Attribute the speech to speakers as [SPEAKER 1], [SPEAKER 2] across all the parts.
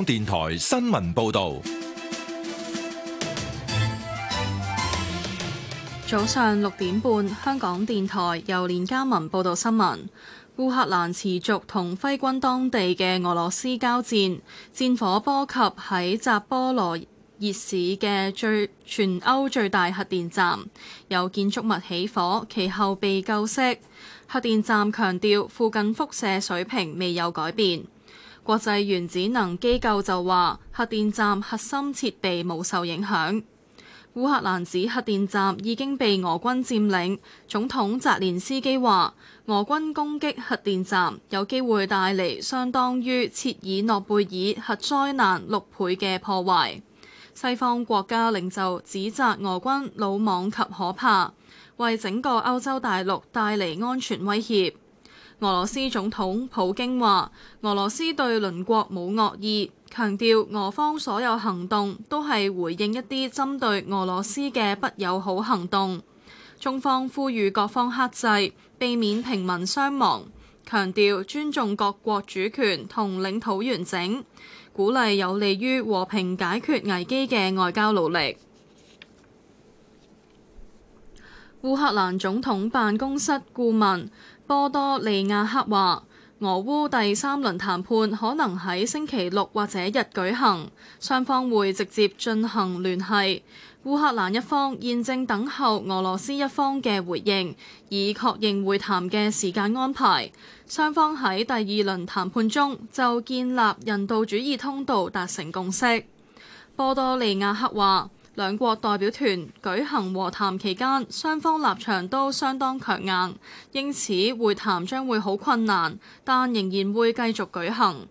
[SPEAKER 1] 香港電台新聞報道：
[SPEAKER 2] 早上六點半，香港電台由連家文報道新聞。烏克蘭持續同揮軍當地嘅俄羅斯交戰，戰火波及喺扎波羅熱市嘅最全歐最大核電站，有建築物起火，其後被救熄。核電站強調附近輻射水平未有改變。國際原子能機構就話，核電站核心設備冇受影響。烏克蘭指核電站已經被俄軍佔領。總統澤連斯基話，俄軍攻擊核電站有機會帶嚟相當於切爾諾貝爾核災難六倍嘅破壞。西方國家領袖指責俄軍魯莽及可怕，為整個歐洲大陸帶嚟安全威脅。俄羅斯總統普京話：俄羅斯對鄰國冇惡意，強調俄方所有行動都係回應一啲針對俄羅斯嘅不友好行動。中方呼籲各方克制，避免平民傷亡，強調尊重各國主權同領土完整，鼓勵有利於和平解決危機嘅外交努力。烏克蘭總統辦公室顧問波多利亞克話：俄烏第三輪談判可能喺星期六或者日舉行，雙方會直接進行聯繫。烏克蘭一方現正等候俄羅斯一方嘅回應，以確認會談嘅時間安排。雙方喺第二輪談判中就建立人道主義通道達成共識。波多利亞克話。兩國代表團舉行和談期間，雙方立場都相當強硬，因此會談將會好困難，但仍然會繼續舉行。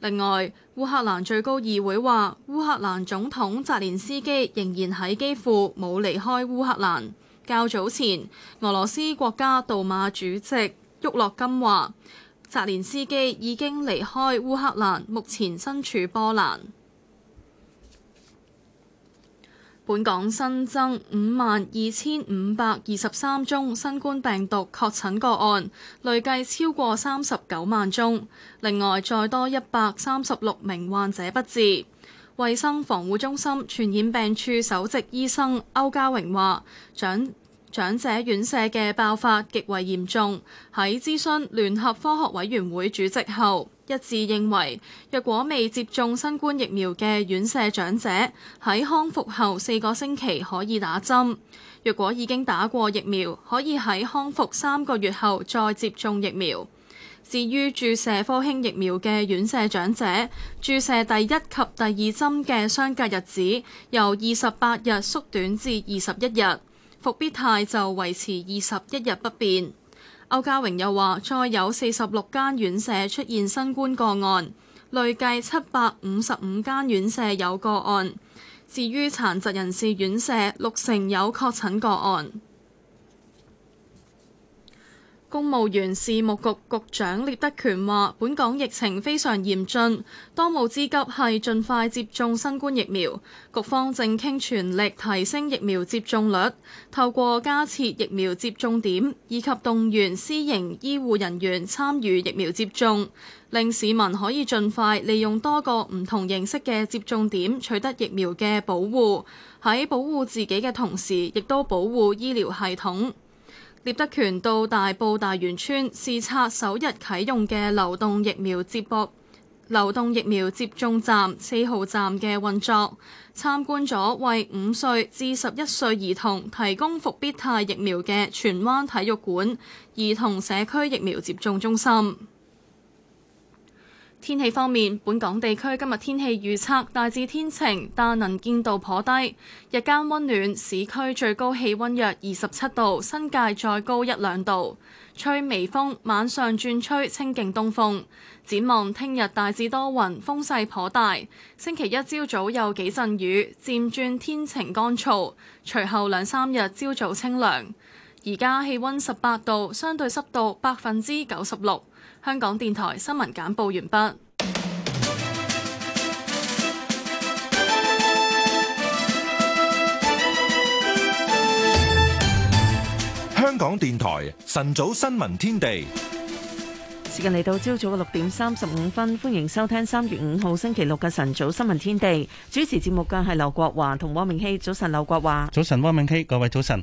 [SPEAKER 2] 另外，烏克蘭最高議會話，烏克蘭總統澤連斯基仍然喺基輔冇離開烏克蘭。較早前，俄羅斯國家杜馬主席沃洛金話，澤連斯基已經離開烏克蘭，目前身處波蘭。本港新增五萬二千五百二十三宗新冠病毒確診個案，累計超過三十九萬宗。另外，再多一百三十六名患者不治。衛生防護中心傳染病處首席醫生歐家榮話，長長者院舍嘅爆發極為嚴重。喺諮詢聯合科學委員會主席後，一致認為，若果未接種新冠疫苗嘅院舍長者喺康復後四個星期可以打針；若果已經打過疫苗，可以喺康復三個月後再接種疫苗。至於注射科興疫苗嘅院舍長者，注射第一及第二針嘅相隔日子由二十八日縮短至二十一日，復必泰就維持二十一日不變。歐家榮又話，再有四十六間院舍出現新冠個案，累計七百五十五間院舍有個案。至於殘疾人士院舍，六成有確診個案。公務員事務局局長聶德權話：本港疫情非常嚴峻，當務之急係盡快接種新冠疫苗。局方正傾全力提升疫苗接種率，透過加設疫苗接種點以及動員私營醫護人員參與疫苗接種，令市民可以盡快利用多個唔同形式嘅接種點取得疫苗嘅保護，喺保護自己嘅同時，亦都保護醫療系統。聶德權到大埔大元村視察首日啟用嘅流動疫苗接駁、流動疫苗接種站四號站嘅運作，參觀咗為五歲至十一歲兒童提供復必泰疫苗嘅荃灣體育館兒童社區疫苗接種中心。天氣方面，本港地區今日天氣預測大致天晴，但能見度頗低。日間溫暖，市區最高氣溫約二十七度，新界再高一兩度，吹微風。晚上轉吹清勁東風。展望聽日大致多雲，風勢頗大。星期一朝早有幾陣雨，漸轉天晴乾燥。隨後兩三日朝早清涼。而家氣溫十八度，相對濕度百分之九十六。香港電台新聞簡報完畢。
[SPEAKER 1] 香港電台晨早新聞天地，時間嚟
[SPEAKER 3] 到朝早嘅六點三十五分，歡迎收聽三月五號星期六嘅晨早新聞天地。主持節目嘅係劉國華同汪明熙。早晨，劉國華。
[SPEAKER 4] 早晨，汪明熙。各位早晨。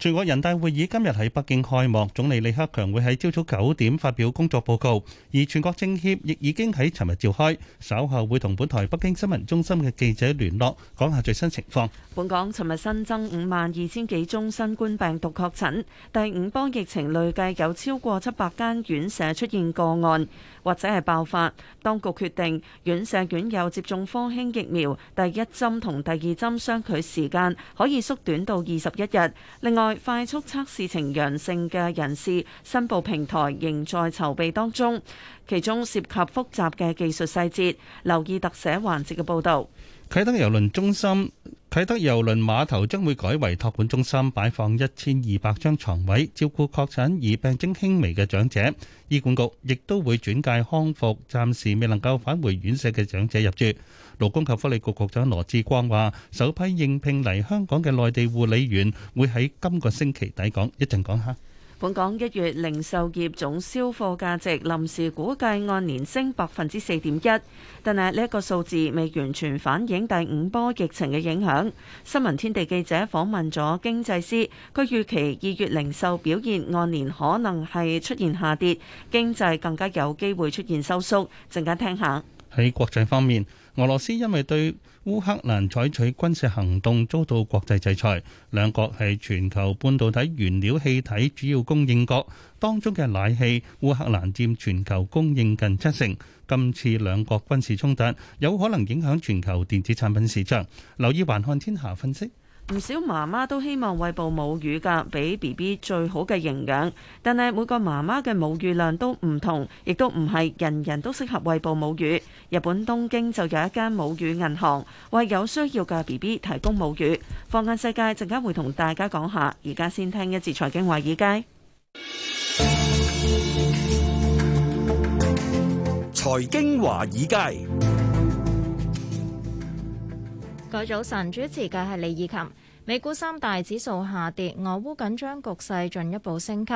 [SPEAKER 4] 全國人大會議今日喺北京開幕，總理李克強會喺朝早九點發表工作報告。而全國政協亦已經喺尋日召開，稍後會同本台北京新聞中心嘅記者聯絡，講下最新情況。
[SPEAKER 3] 本港尋日新增五萬二千幾宗新冠病毒確診，第五波疫情累計有超過七百間院舍出現個案或者係爆發。當局決定，院舍院友接種科興疫苗第一針同第二針相距時間可以縮短到二十一日。另外，快速測試呈陽性嘅人士申報平台仍在籌備當中，其中涉及複雜嘅技術細節，留意特寫環節嘅報導。
[SPEAKER 4] 啟德郵輪中心、啟德郵輪碼頭將會改為託管中心，擺放一千二百張床位照顧確診而病徵輕微嘅長者。醫管局亦都會轉介康復暫時未能夠返回院舍嘅長者入住。勞工及福利局局長羅致光話：首批應聘嚟香港嘅內地護理員會喺今個星期抵港。一陣講下。
[SPEAKER 3] 本港一月零售業總銷貨價值臨時估計按年升百分之四點一，但係呢一個數字未完全反映第五波疫情嘅影響。新聞天地記者訪問咗經濟師，佢預期二月零售表現按年可能係出現下跌，經濟更加有機會出現收縮。陣間聽下。
[SPEAKER 4] 喺國際方面。俄羅斯因為對烏克蘭採取軍事行動遭到國際制裁，兩國係全球半導體原料氣體主要供應國，當中嘅氖氣，烏克蘭占全球供應近七成。今次兩國軍事衝突有可能影響全球電子產品市場。留意《還看天下》分析。
[SPEAKER 3] 唔少媽媽都希望餵哺母乳噶，俾 BB 最好嘅營養。但係每個媽媽嘅母乳量都唔同，亦都唔係人人都適合餵哺母乳。日本東京就有一間母乳銀行，為有需要嘅 BB 提供母乳。放眼世界，陣間會同大家講下。而家先聽一節財經華爾街。
[SPEAKER 5] 財經華爾街。
[SPEAKER 6] 各位早晨，主持嘅係李以琴。美股三大指數下跌，俄烏緊張局勢進一步升級，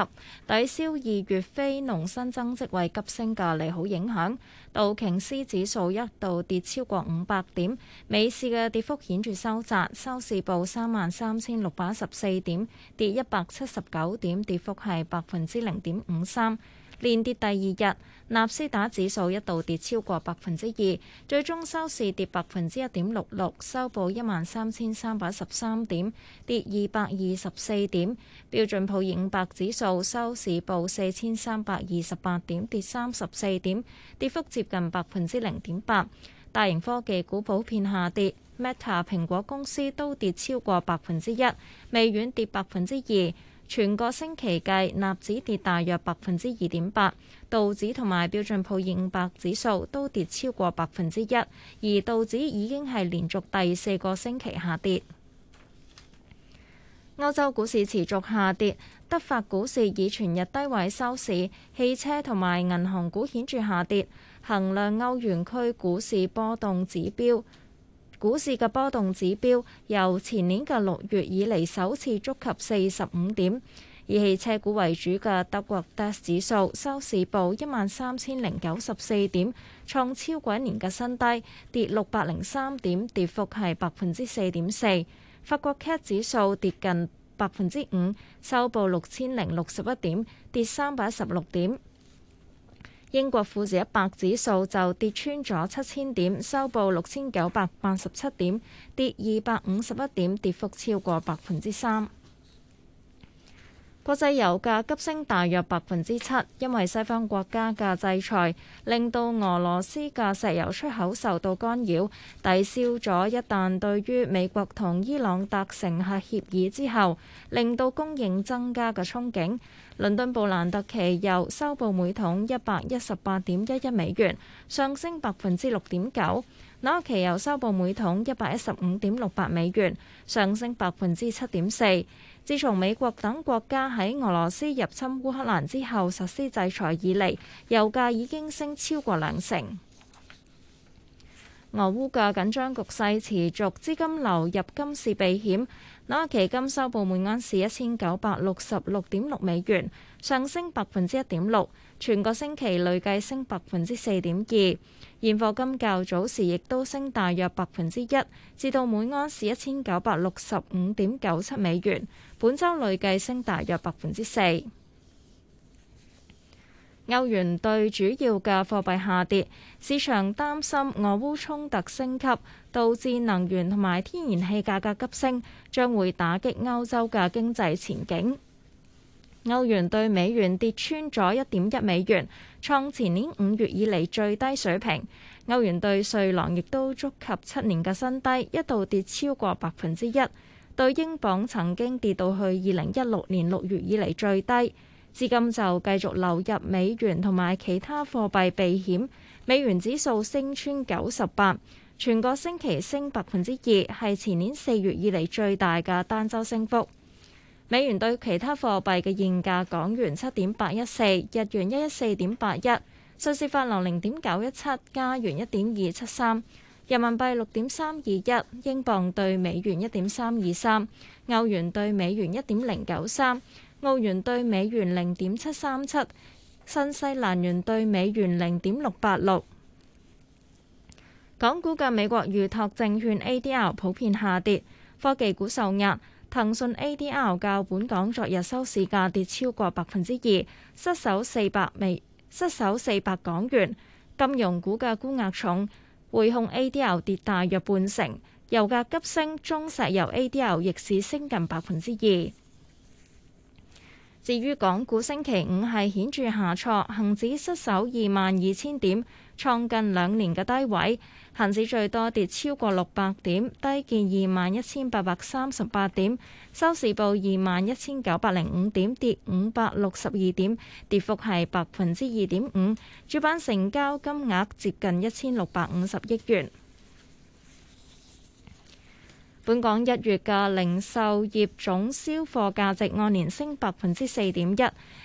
[SPEAKER 6] 抵消二月非農新增職位急升嘅利好影響。道瓊斯指數一度跌超過五百點，美市嘅跌幅顯著收窄，收市報三萬三千六百一十四點，跌一百七十九點，跌幅係百分之零點五三。連跌第二日，納斯達克指數一度跌超過百分之二，最終收市跌百分之一點六六，收報一萬三千三百一十三點，跌二百二十四點。標準普爾五百指數收市報四千三百二十八點，跌三十四點，跌幅接近百分之零點八。大型科技股普遍下跌，Meta、Met 蘋果公司都跌超過百分之一，微軟跌百分之二。全個星期計，納指跌大約百分之二點八，道指同埋標準普爾五百指數都跌超過百分之一，而道指已經係連續第四個星期下跌。歐洲股市持續下跌，德法股市以全日低位收市，汽車同埋銀行股顯著下跌，衡量歐元區股市波動指標。股市嘅波動指標由前年嘅六月以嚟首次觸及四十五點，以汽車股為主嘅德國 DAX 指數收市報一萬三千零九十四點，創超過一年嘅新低，跌六百零三點，跌幅係百分之四點四。法國 CAC 指數跌近百分之五，收報六千零六十一點，跌三百一十六點。英國富時一百指數就跌穿咗七千點，收報六千九百八十七點，跌二百五十一點，跌幅超過百分之三。國際油價急升大約百分之七，因為西方國家嘅制裁令到俄羅斯嘅石油出口受到干擾，抵消咗一旦對於美國同伊朗達成核協議之後，令到供應增加嘅憧憬。倫敦布蘭特期油收報每桶一百一十八點一一美元，上升百分之六點九；紐約期油收報每桶一百一十五點六八美元，上升百分之七點四。自從美國等國家喺俄羅斯入侵烏克蘭之後實施制裁以嚟，油價已經升超過兩成。俄烏嘅緊張局勢持續，資金流入金市避險，紐約期金收報每盎司一千九百六十六點六美元。上升百分之一點六，全個星期累計升百分之四點二。現貨金較早時亦都升大約百分之一，至到每安士一千九百六十五點九七美元。本周累計升大約百分之四。歐元對主要嘅貨幣下跌，市場擔心俄烏衝突升級，導致能源同埋天然氣價格急升，將會打擊歐洲嘅經濟前景。歐元對美元跌穿咗一點一美元，創前年五月以嚟最低水平。歐元對瑞郎亦都觸及七年嘅新低，一度跌超過百分之一。對英鎊曾經跌到去二零一六年六月以嚟最低，資金就繼續流入美元同埋其他貨幣避險。美元指數升穿九十八，全個星期升百分之二，係前年四月以嚟最大嘅單周升幅。美元對其他貨幣嘅現價：港元七點八一四，日元一一四點八一，瑞士法郎零點九一七，加元一點二七三，人民幣六點三二一，英鎊對美元一點三二三，歐元對美元一點零九三，澳元對美元零點七三七，新西蘭元對美元零點六八六。港股嘅美國預託證券 ADR 普遍下跌，科技股受壓。騰訊 ADR 較本港昨日收市價跌超過百分之二，失守四百美，失守四百港元。金融股嘅沽壓重，匯控 ADR 跌大約半成。油價急升，中石油 ADR 逆市升近百分之二。至於港股星期五係顯著下挫，恒指失守二萬二千點。創近兩年嘅低位，恆指最多跌超過六百點，低見二萬一千八百三十八點，收市報二萬一千九百零五點，跌五百六十二點，跌幅係百分之二點五。主板成交金額接近一千六百五十億元。本港一月嘅零售業總銷貨價值按年升百分之四點一，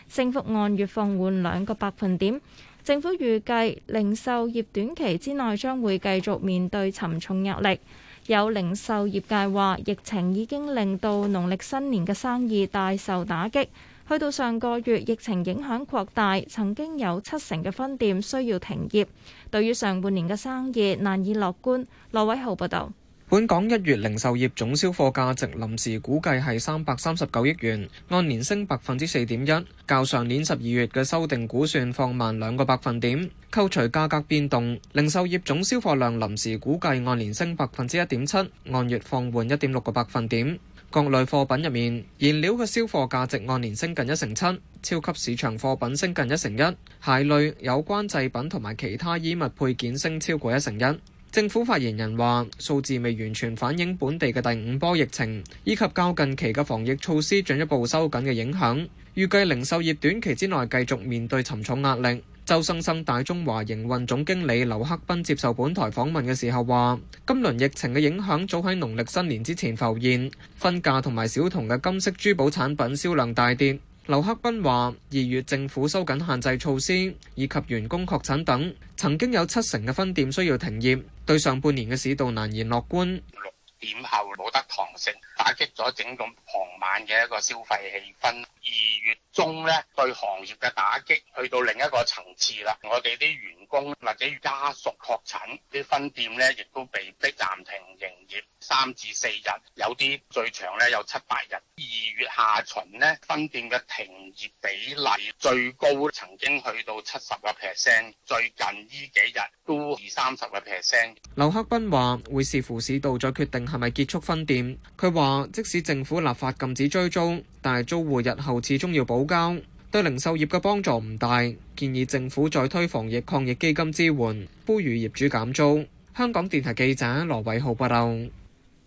[SPEAKER 6] 升幅按月放緩兩個百分點。政府預計零售業短期之內將會繼續面對沉重壓力。有零售業界話，疫情已經令到農曆新年嘅生意大受打擊。去到上個月，疫情影響擴大，曾經有七成嘅分店需要停業。對於上半年嘅生意難以樂觀。羅偉豪報道。
[SPEAKER 7] 本港一月零售業總銷貨價值臨時估計係三百三十九億元，按年升百分之四點一，較上年十二月嘅修訂估算放慢兩個百分點。扣除價格變動，零售業總銷貨量臨時估計按年升百分之一點七，按月放緩一點六個百分點。各類貨品入面，燃料嘅銷貨價值按年升近一成七，超級市場貨品升近一成一，鞋類有關製品同埋其他衣物配件升超過一成一。政府發言人話：數字未完全反映本地嘅第五波疫情，以及較近期嘅防疫措施進一步收緊嘅影響。預計零售業短期之內繼續面對沉重壓力。周生生大中華營運總經理劉克斌接受本台訪問嘅時候話：今輪疫情嘅影響早喺農曆新年之前浮現，分價同埋小童嘅金色珠寶產品銷量大跌。劉克斌話：二月政府收緊限制措施，以及員工確診等，曾經有七成嘅分店需要停業。對上半年嘅市道難言樂觀，
[SPEAKER 8] 六點後冇得堂食，打擊咗整個傍晚嘅一個消費氣氛。二月中咧，對行業嘅打擊去到另一個層次啦。我哋啲員工或者家屬確診，啲分店咧亦都被逼暫停營業三至四日，有啲最長咧有七八日。二月下旬呢，分店嘅停業比例最高，曾經去到七十個 percent，最近呢幾日都二三十個 percent。
[SPEAKER 7] 劉克斌話會視乎市道再決定係咪結束分店。佢話即使政府立法禁止追租，但係租戶日後始終要補交，對零售業嘅幫助唔大。建議政府再推防疫抗疫基金支援，呼籲業主減租。香港電台記者羅偉浩報道。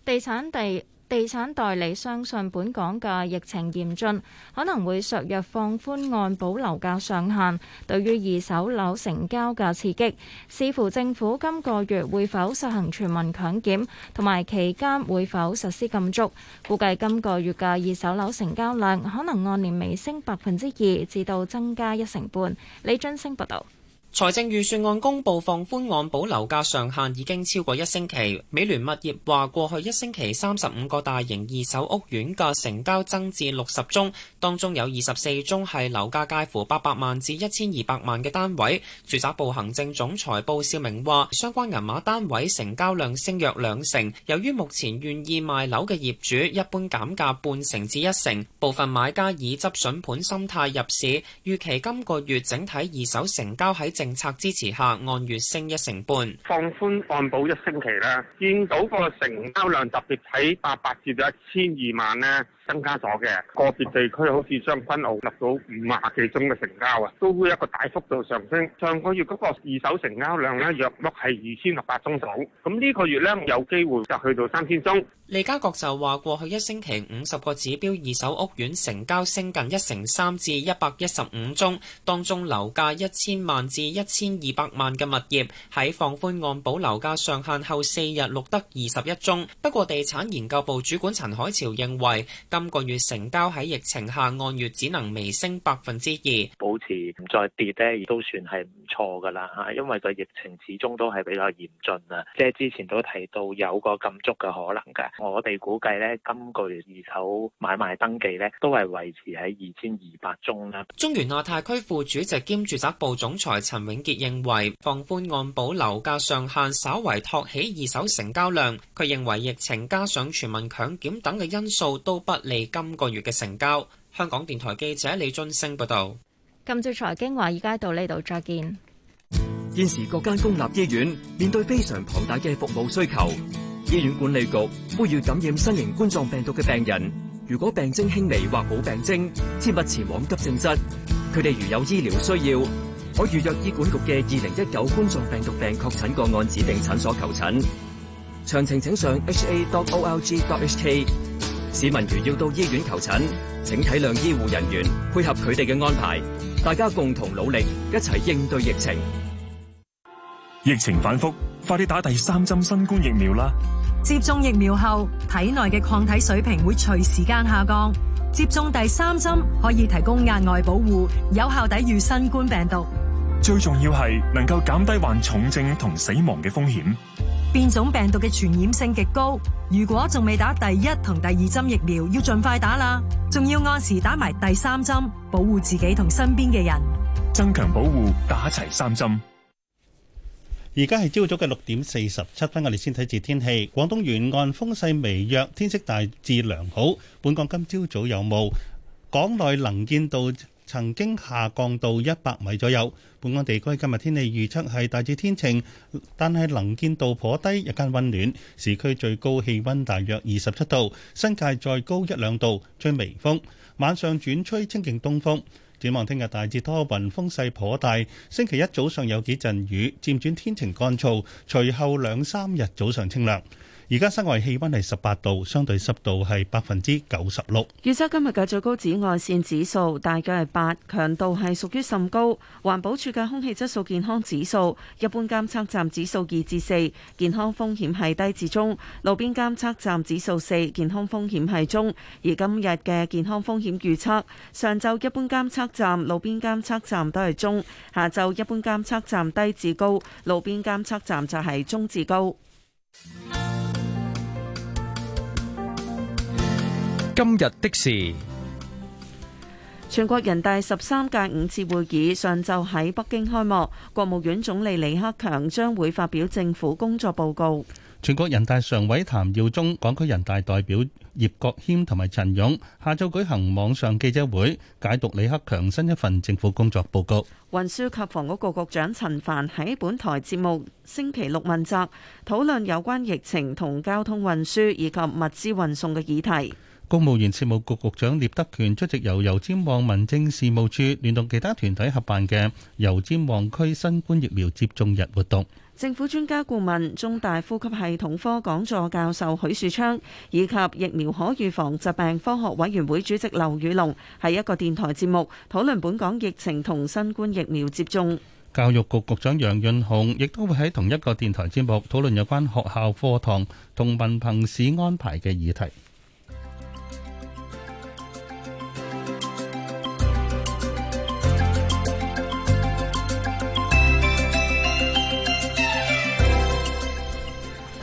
[SPEAKER 6] 地產地地產代理相信本港嘅疫情嚴峻，可能會削弱放寬按保樓價上限對於二手樓成交嘅刺激。視乎政府今個月會否實行全民強檢，同埋期間會否實施禁足，估計今個月嘅二手樓成交量可能按年微升百分之二至到增加一成半。李俊升報道。
[SPEAKER 9] 財政預算案公布放寬按保樓價上限已經超過一星期。美聯物業話，過去一星期三十五個大型二手屋苑嘅成交增至六十宗，當中有二十四宗係樓價介乎八百萬至一千二百萬嘅單位。住宅部行政總裁布少明話，相關銀碼單位成交量升約兩成。由於目前願意賣樓嘅業主一般減價半成至一成，部分買家以執筍盤心態入市，預期今個月整體二手成交喺政策支持下，按月升一成半，放寬按保一星期咧，見到個成交量特別喺八百至到一千二萬咧。增加咗嘅，
[SPEAKER 10] 個別地
[SPEAKER 4] 區
[SPEAKER 9] 好
[SPEAKER 10] 似將軍澳立到五廿幾宗嘅成交啊，都會一個大幅度上升。上個月嗰個二手成交量呢，約莫係二千六百宗度，咁呢個月呢有機會就去到
[SPEAKER 9] 三千宗。利嘉閣就話：過去一星期五十個指標二手屋苑成交升近一成三，至一百一十五宗，當中樓價一千萬至一千二百萬嘅物業喺放寬按保樓價上限後四日錄得二十一宗。不過，地產研究部主管陳海潮認為。今個月成交喺疫情下按月只能微升百分之二，保持唔再跌咧，都算係唔錯噶啦。吓，因為個疫情始終都係比較嚴峻啊。即係之前都提到有個禁足
[SPEAKER 11] 嘅可能嘅，我哋估計咧，今個月二手買賣登記咧都係維持喺
[SPEAKER 9] 二千二百宗啦。中原亞太區副主席兼住宅部總裁陳永傑認為，放寬按保樓價上限，稍為托起二手成交量。佢認為疫情加上全民強檢等嘅因素，都不。嚟今個月嘅成交，香港電台記者李津升報道。
[SPEAKER 6] 今朝財經華爾街到呢度再見。
[SPEAKER 9] 現時各間公立醫院面對非常龐大嘅服務需求，醫院管理
[SPEAKER 5] 局呼籲感染新型冠狀病毒嘅病人，如果病徵輕微或冇病徵，切勿前往急症室。佢哋如有醫療需要，可預約醫管局嘅二零一九冠狀病毒病確診個案指定診所求診。詳情請上 ha.org.hk。市民如要到醫院求診，請體諒醫護人員，配合佢哋嘅安排。大家共同努力，一齊應對疫情。
[SPEAKER 12] 疫情反復，快啲打第三針新冠疫苗啦！
[SPEAKER 2] 接種疫苗後，體內嘅抗體水平會隨時間下降。接種第三針可以提供額外保護，有效抵禦新冠病毒。
[SPEAKER 12] 最重要係能夠減低患重症同死亡嘅風險。
[SPEAKER 2] 變種病毒嘅傳染性極高，如果仲未打第一同第二針疫苗，要盡快打啦。仲要按時打埋第三針，保護自己同身邊嘅人，
[SPEAKER 7] 增強保護，打齊三針。
[SPEAKER 4] 而家係朝早嘅六點四十七分，我哋先睇住天氣。廣東沿岸風勢微弱，天色大致良好。本港今朝早有霧，港內能見到。曾經下降到一百米左右。本港地區今日天氣預測係大致天晴，但係能見度頗低，日間温暖，市區最高氣温大約二十七度，新界再高一兩度，吹微風。晚上轉吹清勁東風。展望聽日大致多雲，風勢頗大。星期一早上有幾陣雨，漸轉天晴乾燥，隨後兩三日早上清涼。而家室外氣溫係十八度，相對濕度係百分之九十六。
[SPEAKER 3] 預測今日嘅最高紫外綫指數大概係八，強度係屬於甚高。環保署嘅空氣質素健康指數一般監測站指數二至四，健康風險係低至中；路邊監測站指數四，健康風險係中。而今日嘅健康風險預測，上晝一般監測站、路邊監測站都係中；下晝一般監測站低至高，路邊監測站就係中至高。今日的事，全國人大十三屆五次會議上晝喺北京開幕，國務院總理李克強將會發表政府工作報告。
[SPEAKER 4] 全國人大常委譚耀宗、港區人大代表葉國謙同埋陳勇下晝舉行網上記者會，解讀李克強新一份政府工作報告。
[SPEAKER 3] 運輸及房屋局局長陳帆喺本台節目星期六問責，討論有關疫情同交通運輸以及物資運送嘅議題。
[SPEAKER 4] 公務員事務局局長聶德權出席由油尖旺民政事務處聯同其他團體合辦嘅油尖旺區新冠疫苗接種日活動。
[SPEAKER 3] 政府專家顧問、中大呼吸系統科講座教授許樹昌以及疫苗可預防疾病科學委員會主席劉宇龍，喺一個電台節目討論本港疫情同新冠疫苗接種。
[SPEAKER 4] 教育局局長楊潤雄亦都會喺同一個電台節目討論有關學校課堂同文憑試安排嘅議題。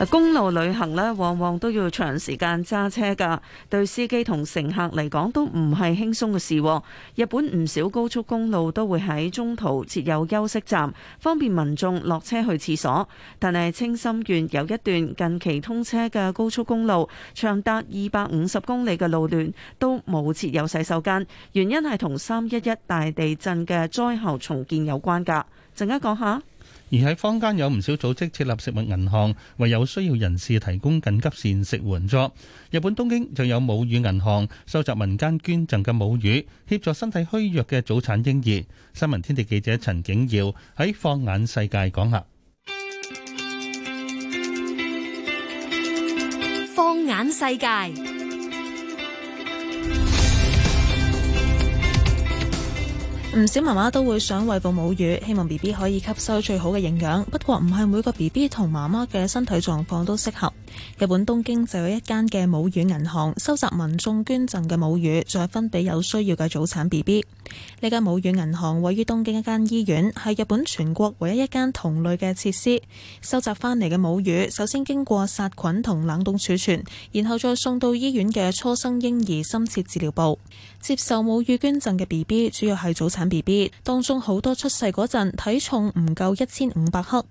[SPEAKER 3] 公路旅行咧，往往都要長時間揸車㗎，對司機同乘客嚟講都唔係輕鬆嘅事，哦。日本唔少高速公路都會喺中途設有休息站，方便民眾落車去廁所。但係青森縣有一段近期通車嘅高速公路，長達二百五十公里嘅路段都冇設有洗手間，原因係同三一一大地震嘅災後重建有關㗎。陣間講下。
[SPEAKER 4] 而喺坊間有唔少組織設立食物銀行，為有需要人士提供緊急膳食援助。日本東京就有母乳銀行，收集民間捐贈嘅母乳，協助身體虛弱嘅早產嬰兒。新聞天地記者陳景耀喺放眼世界講下。
[SPEAKER 13] 放眼世界。
[SPEAKER 14] 唔少媽媽都會想餵哺母乳，希望 BB 可以吸收最好嘅營養。不過唔係每個 BB 同媽媽嘅身體狀況都適合。日本東京就有一間嘅母乳銀行，收集民眾捐贈嘅母乳，再分俾有需要嘅早產 BB。呢間母乳銀行位於東京一間醫院，係日本全國唯一一間同類嘅設施。收集翻嚟嘅母乳，首先經過殺菌同冷凍儲存，然後再送到醫院嘅初生嬰兒深切治療部。接受母乳捐贈嘅 B B 主要係早產 B B，當中好多出世嗰陣體重唔夠一千五百克。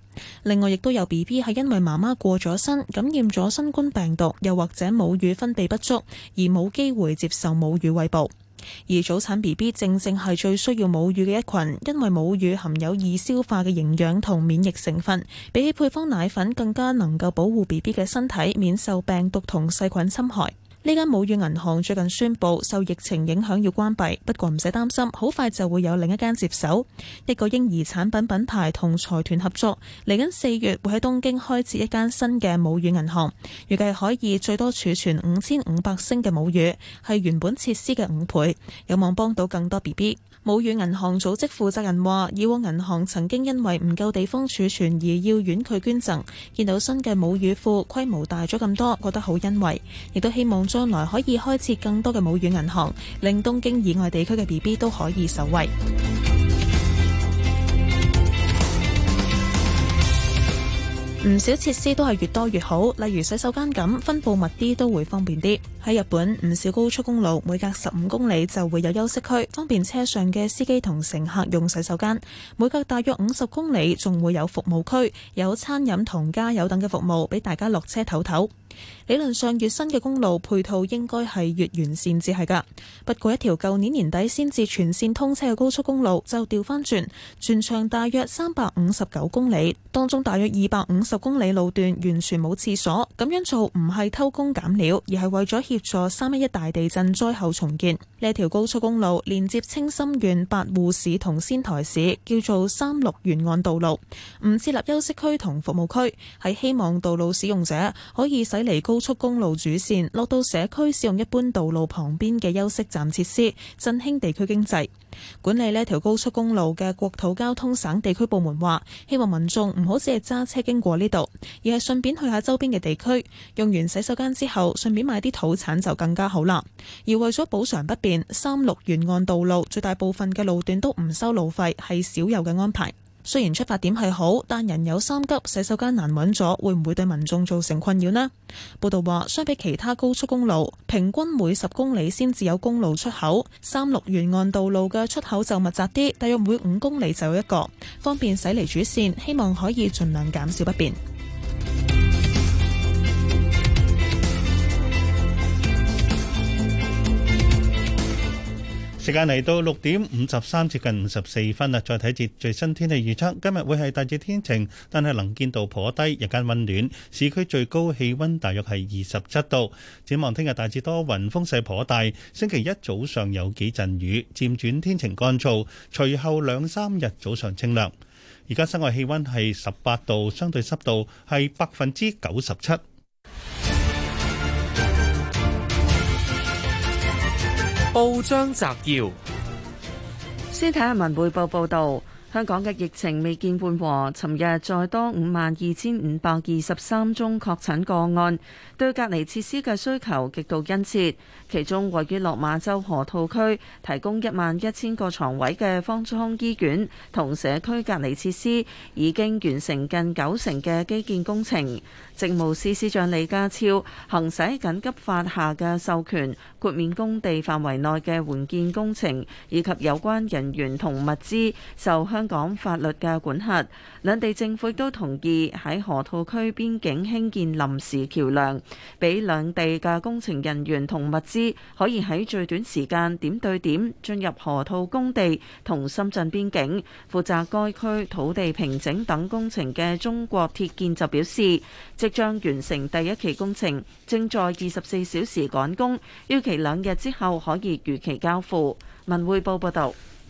[SPEAKER 14] 另外，亦都有 B B 係因為媽媽過咗身、感染咗新冠病毒，又或者母乳分泌不足而冇機會接受母乳餵哺。而早產 BB 正正係最需要母乳嘅一群，因為母乳含有易消化嘅營養同免疫成分，比起配方奶粉更加能夠保護 BB 嘅身體，免受病毒同細菌侵害。呢間母乳銀行最近宣布受疫情影響要關閉，不過唔使擔心，好快就會有另一間接手。一個嬰兒產品品牌同財團合作，嚟緊四月會喺東京開設一間新嘅母乳銀行，預計可以最多儲存五千五百升嘅母乳，係原本設施嘅五倍，有望幫到更多 BB。母乳銀行組織負責人話：以往銀行曾經因為唔夠地方儲存而要婉拒捐贈，見到新嘅母乳庫規模大咗咁多，覺得好欣慰，亦都希望將來可以開設更多嘅母乳銀行，令東京以外地區嘅 BB 都可以受惠。唔少設施都係越多越好，例如洗手間咁，分布密啲都會方便啲。喺日本，唔少高速公路每隔十五公里就會有休息區，方便車上嘅司機同乘客用洗手間；每隔大約五十公里，仲會有服務區，有餐飲同加油等嘅服務俾大家落車唞唞。理論上，越新嘅公路配套應該係越完善至係噶。不過一條舊年年底先至全線通車嘅高速公路就調翻轉，全長大約三百五十九公里，當中大約二百五十。十公里路段完全冇廁所，咁樣做唔係偷工減料，而係為咗協助三一一大地震災後重建。呢條高速公路連接青森縣八戶市同仙台市，叫做三陸沿岸道路。唔設立休息區同服務區，係希望道路使用者可以駛離高速公路主線，落到社區使用一般道路旁邊嘅休息站設施，振興地區經濟。管理呢條高速公路嘅國土交通省地區部門話，希望民眾唔好只係揸車經過呢度，而係順便去下周邊嘅地區，用完洗手間之後，順便買啲土產就更加好啦。而為咗補償不便，三六沿岸道路，最大部分嘅路段都唔收路費，係少有嘅安排。雖然出發點係好，但人有三急，洗手間難揾咗，會唔會對民眾造成困擾呢？報道話，相比其他高速公路，平均每十公里先至有公路出口，三六沿岸道路嘅出口就密集啲，大約每五公里就有一個，方便駛離主線，希望可以盡量減少不便。
[SPEAKER 4] 時間嚟到六點五十三，接近五十四分啦。再睇下最新天氣預測，今日會係大致天晴，但係能見度頗低，日間温暖，市區最高氣温大約係二十七度。展望聽日大致多雲，風勢頗大。星期一早上有幾陣雨，漸轉天晴乾燥，隨後兩三日早上清涼。而家室外氣温係十八度，相對濕度係百分之九十七。報章摘要：
[SPEAKER 3] 先睇下《文匯報》報道。香港嘅疫情未見緩和，尋日再多五萬二千五百二十三宗確診個案，對隔離設施嘅需求極度殷切。其中位於落馬洲河套區提供一萬一千個床位嘅方艙醫院同社區隔離設施已經完成近九成嘅基建工程。政務司司長李家超行使緊急法下嘅授權，豁免工地範圍內嘅援建工程，以及有關人員同物資受香。香港法律嘅管轄，兩地政府都同意喺河套區邊境興建臨時橋梁，俾兩地嘅工程人員同物資可以喺最短時間點對點進入河套工地同深圳邊境。負責該區土地平整等工程嘅中國鐵建就表示，即將完成第一期工程，正在二十四小時趕工，預期兩日之後可以如期交付。文匯報報道。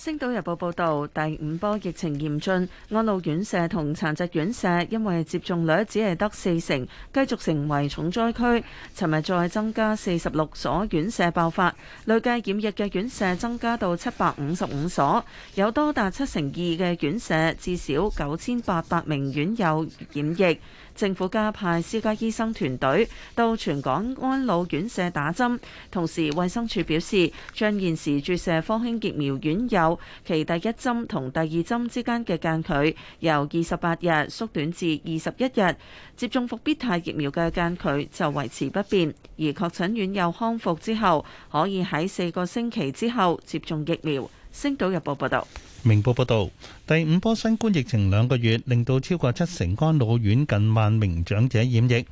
[SPEAKER 3] 《星島日報》報導，第五波疫情嚴峻，安老院舍同殘疾院舍，因為接種率只係得四成，繼續成為重災區。尋日再增加四十六所院舍爆發，累計染疫嘅院舍增加到七百五十五所，有多達七成二嘅院舍至少九千八百名院友染疫。政府加派私家醫生團隊到全港安老院舍打針，同時衛生署表示，將現時注射科興疫苗院友其第一針同第二針之間嘅間距由二十八日縮短至二十一日，接種復必泰疫苗嘅間距就維持不變。而確診院友康復之後，可以喺四個星期之後接種疫苗。星島日報報道。
[SPEAKER 4] 明報報導，第五波新冠疫情兩個月，令到超過七成安老院近萬名長者染疫。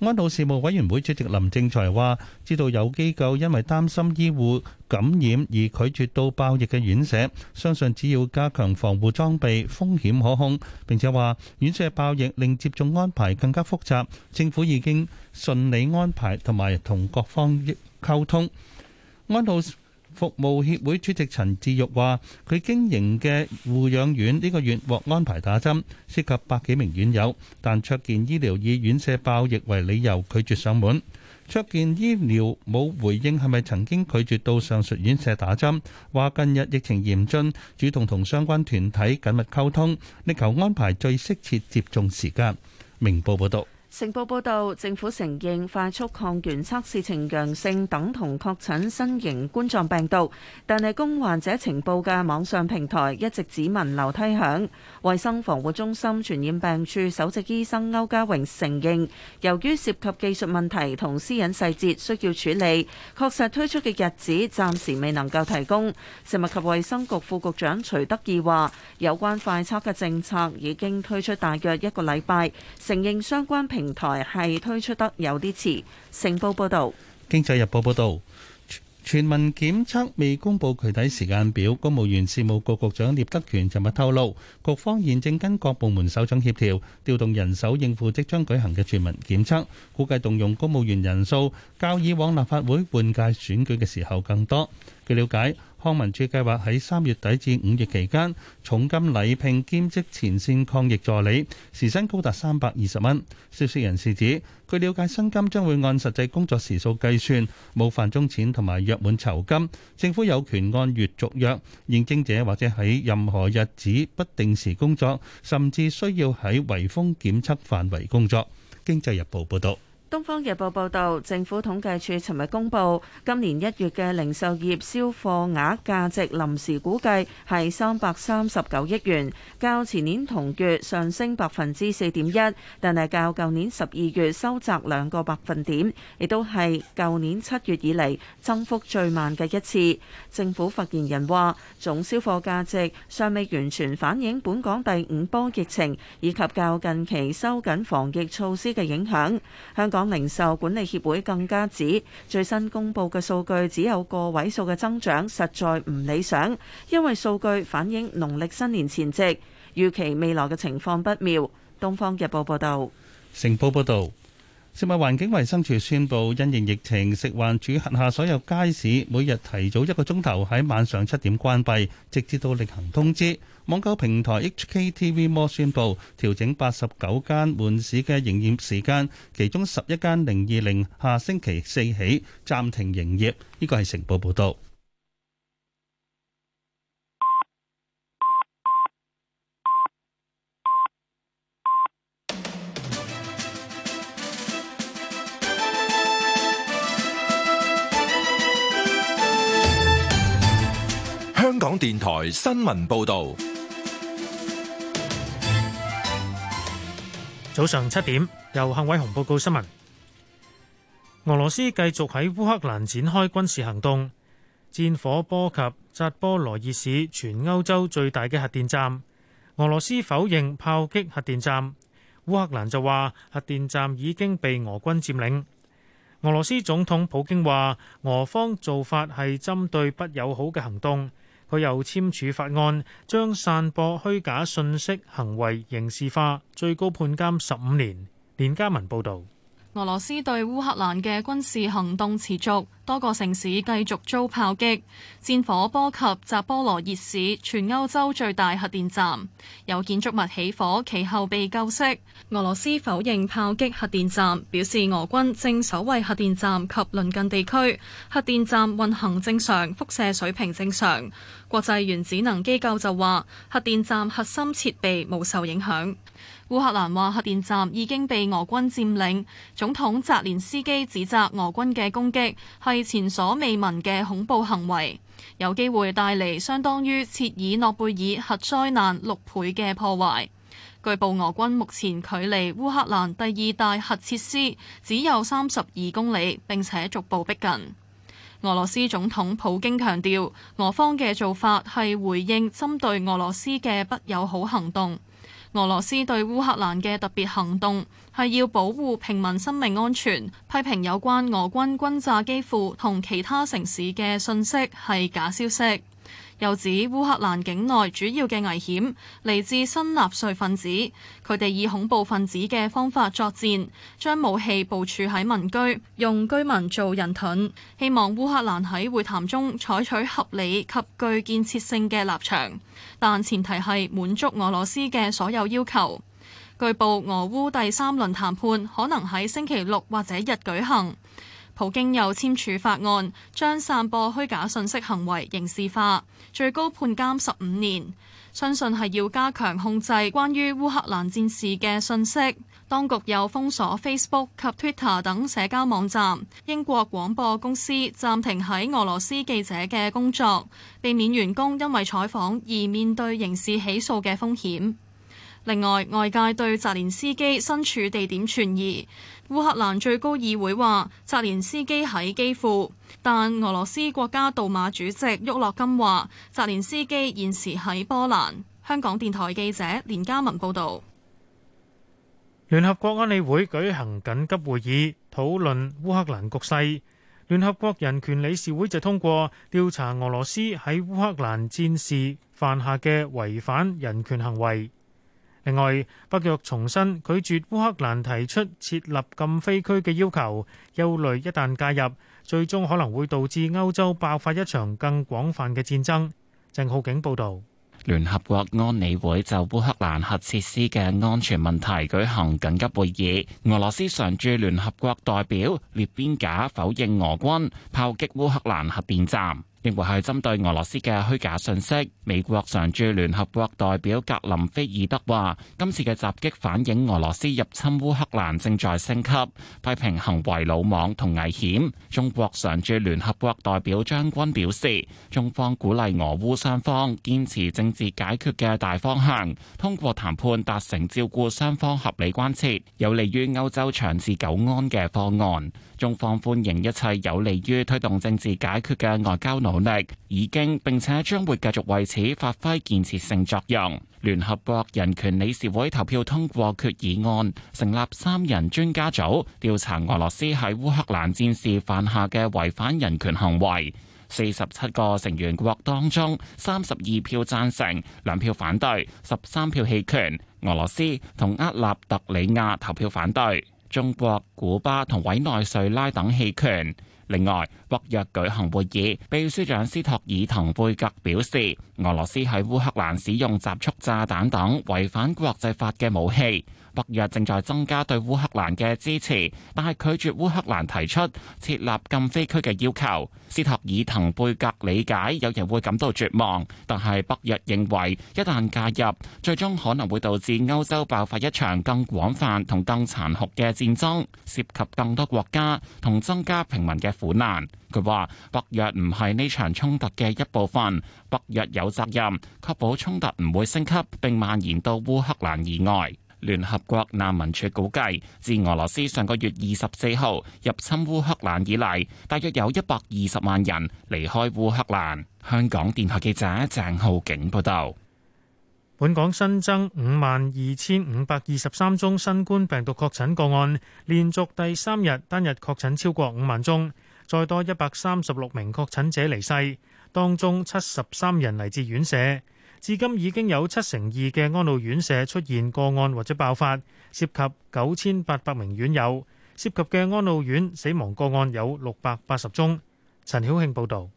[SPEAKER 4] 安老事務委員會主席林正財話，知道有機構因為擔心醫護感染而拒絕到爆疫嘅院舍，相信只要加強防護裝備，風險可控。並且話，院舍爆疫令接種安排更加複雜，政府已經順理安排同埋同各方溝通。安老服務協會主席陳志玉話，佢經營嘅護養院呢個月獲安排打針，涉及百幾名院友，但卓健醫療以院舍爆疫為理由拒絕上門。卓健醫療冇回應係咪曾經拒絕到上述院舍打針，話近日疫情嚴峻，主動同相關團體緊密溝通，力求安排最適切接種時間。明報報道。
[SPEAKER 3] 成報報導，政府承認快速抗原測試呈陽性等同確診新型冠狀病毒，但係供患者呈報嘅網上平台一直只聞樓梯響。衛生防護中心傳染病處首席醫生歐家榮承認，由於涉及技術問題同私隱細節需要處理，確實推出嘅日子暫時未能夠提供。食物及衛生局副局長徐德義話：有關快測嘅政策已經推出大約一個禮拜，承認相關平台係推出得有啲遲。成報報導，
[SPEAKER 4] 《經濟日報》報導，全民檢測未公布具體時間表。公務員事務局局長聶德權尋日透露，局方現正跟各部門首長協調，調動人手應付即將舉行嘅全民檢測，估計動用公務員人數較以往立法會換屆選舉嘅時候更多。據了解，康文署計劃喺三月底至五月期間，重金禮聘兼職前線抗疫助理，時薪高達三百二十蚊。消息人士指，據了解薪金將會按實際工作時數計算，冇飯鐘錢同埋約滿酬金。政府有權按月續約，應徵者或者喺任何日子不定時工作，甚至需要喺圍封檢測範圍工作。《經濟日報》報道。
[SPEAKER 3] 《東方日報》報道，政府統計處尋日公布今年一月嘅零售業銷貨額價值臨時估計係三百三十九億元，較前年同月上升百分之四點一，但係較舊年十二月收窄兩個百分點，亦都係舊年七月以嚟增幅最慢嘅一次。政府發言人話，總銷貨價值尚未完全反映本港第五波疫情以及較近期收緊防疫措施嘅影響。香港。香港零售管理協會更加指，最新公布嘅數據只有個位數嘅增長，實在唔理想，因為數據反映農曆新年前夕預期未來嘅情況不妙。東方日報報道。
[SPEAKER 4] 成報報道，食物環境衛生署宣布，因應疫情，食環署轄下所有街市每日提早一個鐘頭喺晚上七點關閉，直至到另行通知。網購平台 HKTV Mall 宣佈調整八十九間門市嘅營業時間，其中十一間零二零下星期四起暫停營業。呢個係成報報道。
[SPEAKER 1] 香港電台新聞報道。早上七點，
[SPEAKER 10] 由幸偉雄報告新聞。俄羅斯繼續喺烏克蘭展開軍事行動，戰火波及扎波羅熱市全歐洲最大嘅核電站。俄羅斯否認炮擊核電站，烏克蘭就話核電站已經被俄軍佔領。俄羅斯總統普京話，俄方做法係針對不友好嘅行動。佢又簽署法案，將散播虛假信息行為刑事化，最高判監十五年。連家文報道。
[SPEAKER 2] 俄羅斯對烏克蘭嘅軍事行動持續，多個城市繼續遭炮擊，戰火波及扎波羅熱市，全歐洲最大核電站有建築物起火，其後被救熄。俄羅斯否認炮擊核電站，表示俄軍正守衛核電站及鄰近地區，核電站運行正常，輻射水平正常。國際原子能機構就話，核電站核心設備冇受影響。烏克蘭話：核電站已經被俄軍佔領。總統澤連斯基指責俄軍嘅攻擊係前所未聞嘅恐怖行為，有機會帶嚟相當於切爾諾貝爾核災難六倍嘅破壞。據報俄軍目前距離烏克蘭第二大核設施只有三十二公里，並且逐步逼近。俄羅斯總統普京強調，俄方嘅做法係回應針對俄羅斯嘅不友好行動。俄羅斯對烏克蘭嘅特別行動係要保護平民生命安全，批評有關俄軍轟炸機庫同其他城市嘅訊息係假消息。又指烏克蘭境內主要嘅危險嚟自新納粹分子，佢哋以恐怖分子嘅方法作戰，將武器部署喺民居，用居民做人盾。希望烏克蘭喺會談中採取合理及具建設性嘅立場，但前提係滿足俄羅斯嘅所有要求。據報俄烏第三輪談判可能喺星期六或者日舉行。普京又簽署法案，將散播虛假信息行為刑事化，最高判監十五年。相信係要加強控制關於烏克蘭戰事嘅信息。當局又封鎖 Facebook 及 Twitter 等社交網站。英國廣播公司暫停喺俄羅斯記者嘅工作，避免員工因為採訪而面對刑事起訴嘅風險。另外，外界對澤連斯基身處地點存疑。烏克蘭最高議會話，澤連斯基喺基輔，但俄羅斯國家杜馬主席沃洛，洛金話，澤連斯基現時喺波蘭。香港電台記者連嘉文報導。
[SPEAKER 10] 聯合國安理會舉行緊急會議，討論烏克蘭局勢。聯合國人權理事會就通過調查俄羅斯喺烏克蘭戰事犯下嘅違反人權行為。另外，北約重申拒絕烏克蘭提出設立禁飛區嘅要求，憂慮一旦介入，最終可能會導致歐洲爆發一場更廣泛嘅戰爭。鄭浩景報導。
[SPEAKER 11] 聯合國安理會就烏克蘭核設施嘅安全問題舉行緊急會議，俄羅斯常駐聯合國代表列邊假否認俄軍炮擊烏克蘭核電站。並唔係針對俄羅斯嘅虛假信息。美國常駐聯合國代表格林菲爾德話：今次嘅襲擊反映俄羅斯入侵烏克蘭正在升級，批評行為魯莽同危險。中國常駐聯合國代表張軍表示：中方鼓勵俄烏雙方堅持政治解決嘅大方向，通過談判達成照顧雙方合理關切，有利於歐洲長治久安嘅方案。中方歡迎一切有利於推動政治解決嘅外交努努力已經並且將會繼續為此發揮建設性作用。聯合國人權理事會投票通過決議案，成立三人專家組調查俄羅斯喺烏克蘭戰事犯下嘅違反人權行為。四十七個成員國當中，三十二票贊成，兩票反對，十三票棄權。俄羅斯同厄立特里亞投票反對，中國、古巴同委內瑞拉等棄權。另外，北約舉行會議，秘書長斯托爾滕貝格表示，俄羅斯喺烏克蘭使用集束炸彈等違反國際法嘅武器。北約正在增加對烏克蘭嘅支持，但係拒絕烏克蘭提出設立禁飛區嘅要求。斯托爾滕貝格理解有人會感到絕望，但係北約認為一旦介入，最終可能會導致歐洲爆發一場更廣泛同更殘酷嘅戰爭，涉及更多國家同增加平民嘅苦難。佢話北約唔係呢場衝突嘅一部分，北約有責任確保衝突唔會升級，並蔓延到烏克蘭以外。聯合國難民署估計，自俄羅斯上個月二十四號入侵烏克蘭以嚟，大約有一百二十萬人
[SPEAKER 10] 離開烏克蘭。香港電台記者鄭浩景報道。本港新增五萬二千五百二十三宗新冠病毒確診個案，連續第三日單日確診超過五萬宗，再多一百三十六名確診者離世，當中七十三人嚟自院舍。至今已經有七成二嘅安老院舍出現個案或者爆發，涉及九千八百名院友，涉及嘅安老院死亡個案有六百八十宗。陳曉慶報導。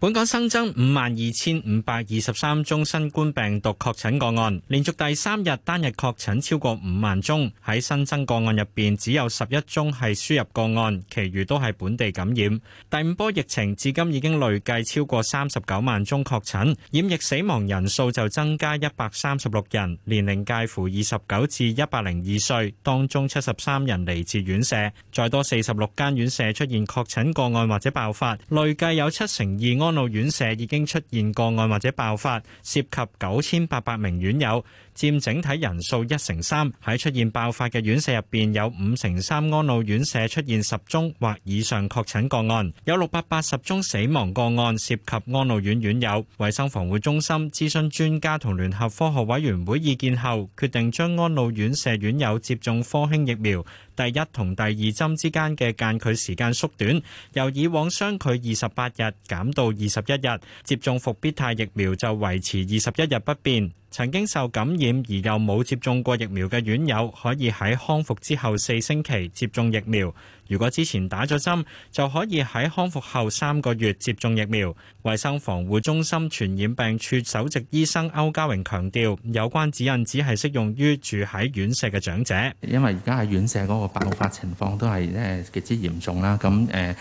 [SPEAKER 15] 本港新增五萬二千五百二十三宗新冠病毒確診個案，連續第三日單日確診超過五萬宗。喺新增個案入邊，只有十一宗係輸入個案，其餘都係本地感染。第五波疫情至今已經累計超過三十九萬宗確診，染疫死亡人數就增加一百三十六人，年齡介乎二十九至一百零二歲，當中七十三人嚟自院舍，再多四十六間院舍出現確診個案或者爆發，累計有七成二安老院舍已經出現個案或者爆發，涉及九千八百名院友。佔整體人數一成三，喺出現爆發嘅院舍入邊，有五成三安老院舍出現十宗或以上確診個案，有六百八十宗死亡個案涉及安老院院友。衛生防護中心諮詢專家同聯合科學委員會意見後，決定將安老院舍院友接種科興疫苗第一同第二針之間嘅間距時間縮短，由以往相距二十八日減到二十一日，接種復必泰疫苗就維持二十一日不變。曾經受感染而又冇接種過疫苗嘅院友，可以喺康復之後四星期接種疫苗。如果之前打咗針就可以喺康復後三個月接種疫苗。衛生防護中心傳染病處首席醫生歐家榮強調有關指引只係適用於住喺院舍嘅長者。因為而家喺院舍嗰個爆
[SPEAKER 8] 發情況都係誒極之嚴重啦。咁誒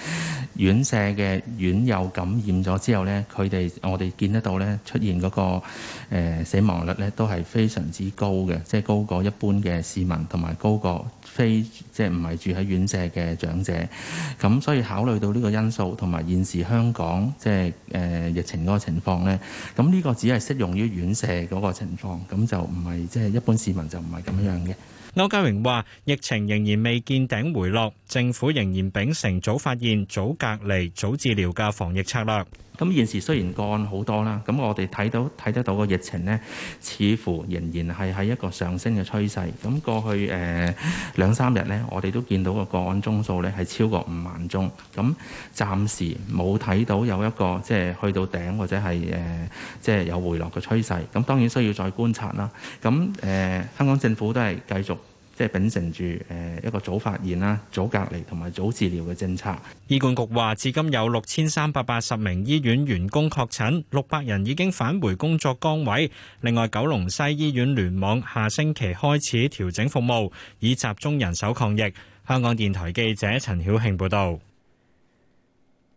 [SPEAKER 8] 院舍嘅院友感染咗之後咧，佢哋我哋見得到咧出現嗰個誒死亡率咧都係非常之高嘅，即係高過一般嘅市民，同埋高過非即係唔係住喺院舍嘅長者，咁所以考慮到呢個因素同埋現時香港即係誒疫情嗰個情況呢，咁呢個只係適用於院舍嗰個情況，咁就唔係即係一般市民就唔係咁樣嘅。
[SPEAKER 15] 歐家榮話：疫情仍然未見頂回落，政府仍然秉承早發現、早隔離、早治療嘅防疫策略。咁現時雖然個案好多啦，咁我哋睇到睇得到個疫情呢，似
[SPEAKER 8] 乎仍然係喺一個上升嘅趨勢。咁過去誒兩三日呢，我哋都見到個個案宗數呢係超過五萬宗。咁暫時冇睇到有一個即係去到頂或者係誒、呃、即係有回落嘅趨勢。咁當然需要再觀察啦。咁誒、呃、香港政府都係繼續。即係秉承住誒一個早發
[SPEAKER 15] 現啦、早隔離同埋早治療嘅政策。醫管局話至今有六千三百八十名醫院員工確診，六百人已經返回工作崗位。另外，九龍西醫院聯網下星期開始調整服務，以集中人手抗疫。
[SPEAKER 10] 香港電台記者陳曉慶報道。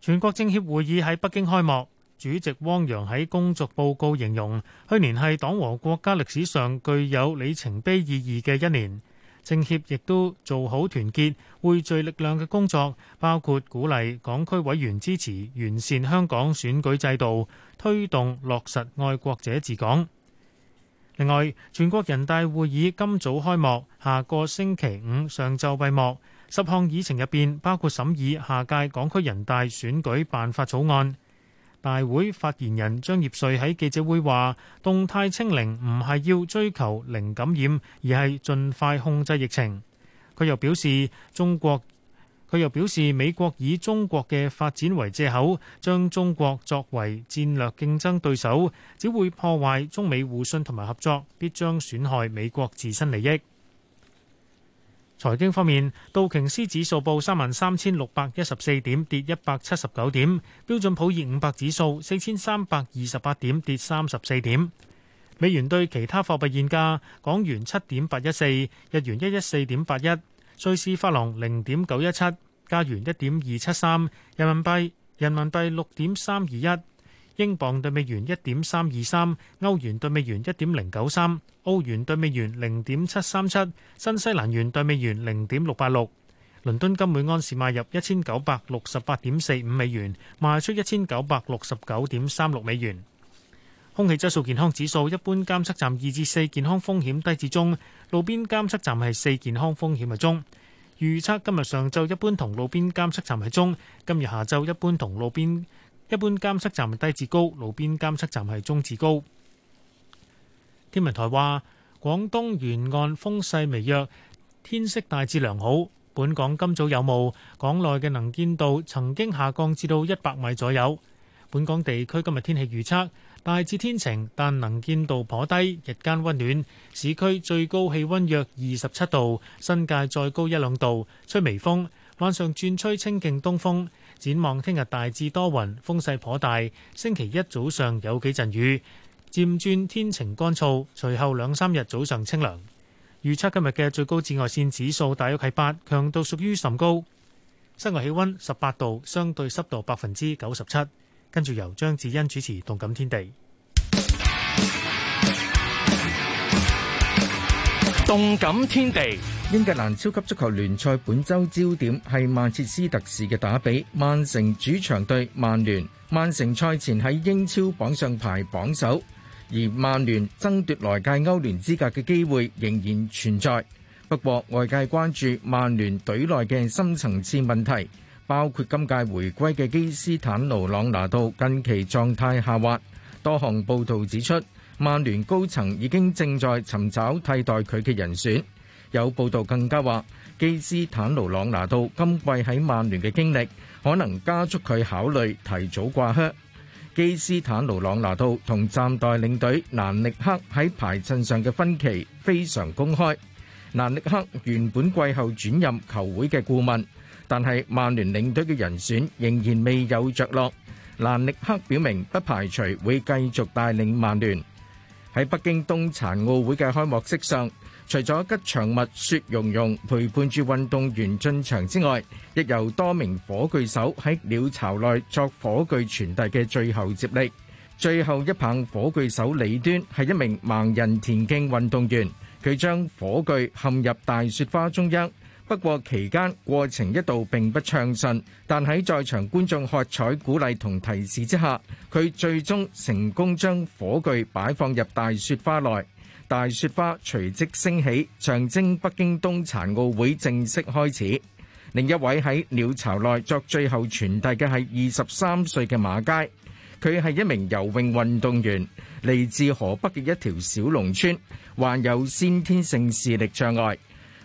[SPEAKER 10] 全國政協會議喺北京開幕，主席汪洋喺工作報告形容，去年係黨和國家歷史上具有里程碑意義嘅一年。政協亦都做好團結匯聚力量嘅工作，包括鼓勵港區委員支持完善香港選舉制度，推動落實愛國者治港。另外，全國人大會議今早開幕，下個星期五上晝閉幕。十項議程入邊，包括審議下屆港區人大選舉辦法草案。大會發言人張業遂喺記者會話：動態清零唔係要追求零感染，而係盡快控制疫情。佢又表示，中國佢又表示，美國以中國嘅發展為借口，將中國作為戰略競爭對手，只會破壞中美互信同埋合作，必將損害美國自身利益。財經方面，道瓊斯指數報三萬三千六百一十四點，跌一百七十九點；標準普爾五百指數四千三百二十八點，跌三十四點。美元對其他貨幣現價：港元七點八一四，日元一一四點八一，瑞士法郎零點九一七，加元一點二七三，人民幣人民幣六點三二一。英鎊兌美元一點三二三，歐元兌美元一點零九三，澳元兌美元零點七三七，新西蘭元兌美元零點六八六。倫敦金每安士買入一千九百六十八點四五美元，賣出一千九百六十九點三六美元。空氣質素健康指數一般監測站二至四，健康風險低至中，路邊監測站係四，健康風險係中。預測今日上晝一般同路邊監測站係中，今日下晝一般同路邊。一般監測站低至高，路邊監測站係中至高。天文台話：廣東沿岸風勢微弱，天色大致良好。本港今早有霧，港內嘅能見度曾經下降至到一百米左右。本港地區今日天氣預測大致天晴，但能見度頗低，日間温暖，市區最高氣温約二十七度，新界再高一兩度，吹微風，晚上轉吹清勁東風。展望聽日大致多雲，風勢頗大。星期一早上有幾陣雨，漸轉天晴乾燥。隨後兩三日早上清涼。預測今日嘅最高紫外線指數大約係八，強度屬於甚高。室外氣温十八度，相對濕度百分之九十七。跟住由張智恩主持《動感
[SPEAKER 16] 天地》。動感天地，英格蘭超級足球聯賽本周焦點係曼徹斯特市嘅打比，曼城主場對曼聯。曼城賽前喺英超榜上排榜首，而曼聯爭奪來屆歐聯資格嘅機會仍然存在。不過外界關注曼聯隊內嘅深層次問題，包括今屆回歸嘅基斯坦奴朗拿度近期狀態下滑，多項報道指出。曼聯高層已經正在尋找替代佢嘅人選，有報道更加話基斯坦奴朗拿度今季喺曼聯嘅經歷可能加速佢考慮提早掛靴。基斯坦奴朗拿度同暫代領隊蘭力克喺排陣上嘅分歧非常公開。蘭力克原本季後轉任球會嘅顧問，但係曼聯領隊嘅人選仍然未有着落。蘭力克表明不排除會繼續帶領曼聯。喺北京冬殘奧會嘅開幕式上，除咗吉祥物雪容融陪伴住運動員進場之外，亦由多名火炬手喺鳥巢內作火炬傳遞嘅最後接力。最後一棒火炬手李端係一名盲人田徑運動員，佢將火炬嵌入大雪花中央。不過期間過程一度並不暢順，但喺在，在場觀眾喝彩、鼓勵同提示之下，佢最終成功將火炬擺放入大雪花內，大雪花隨即升起，象徵北京冬殘奧會正式開始。另一位喺鳥巢內作最後傳遞嘅係二十三歲嘅馬佳，佢係一名游泳運動員，嚟自河北嘅一條小農村，患有先天性視力障礙。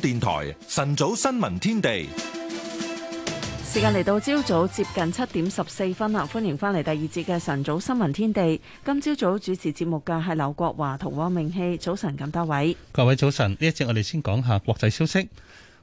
[SPEAKER 1] 電台晨早新聞天地，
[SPEAKER 3] 時間嚟到朝早接近七點十四分啦。歡迎翻嚟第二節嘅晨早新聞天地。今朝早主持節目嘅係劉國華同汪明熙。早晨，咁多位，
[SPEAKER 4] 各位早晨。呢一節我哋先講下國際消息。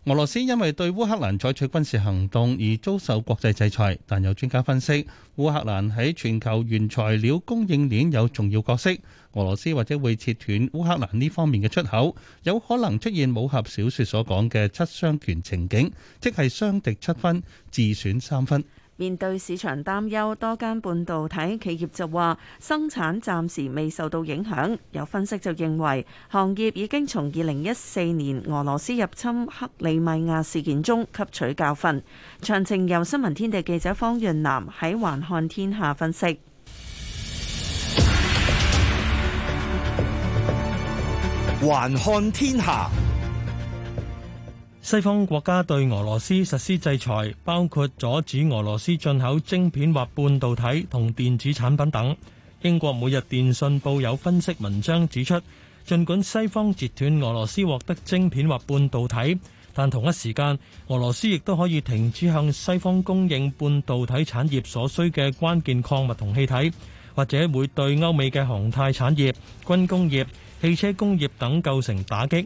[SPEAKER 4] 俄羅斯因為對烏克蘭採取軍事行動而遭受國際制裁，但有專家分析，烏克蘭喺全球原材料供應鏈有重要角色，俄羅斯或者會切斷烏克蘭呢方面嘅出口，有可能出現武俠小說所講嘅七傷拳情景，即係傷敵七分，自損三分。
[SPEAKER 3] 面對市場擔憂，多間半導體企業就話生產暫時未受到影響。有分析就認為，行業已經從二零一四年俄羅斯入侵克里米亞事件中吸取教訓。詳情由新聞天地記者方潤南喺《環看天下》分析。
[SPEAKER 12] 環看天下。西方國家對俄羅斯實施制裁，包括阻止俄羅斯進口晶片或半導體同電子產品等。英國每日電訊報有分析文章指出，儘管西方截斷俄羅斯獲得晶片或半導體，但同一時間，俄羅斯亦都可以停止向西方供應半導體產業所需嘅關鍵礦物同氣體，或者會對歐美嘅航太產業、軍工業、汽車工業等構成打擊。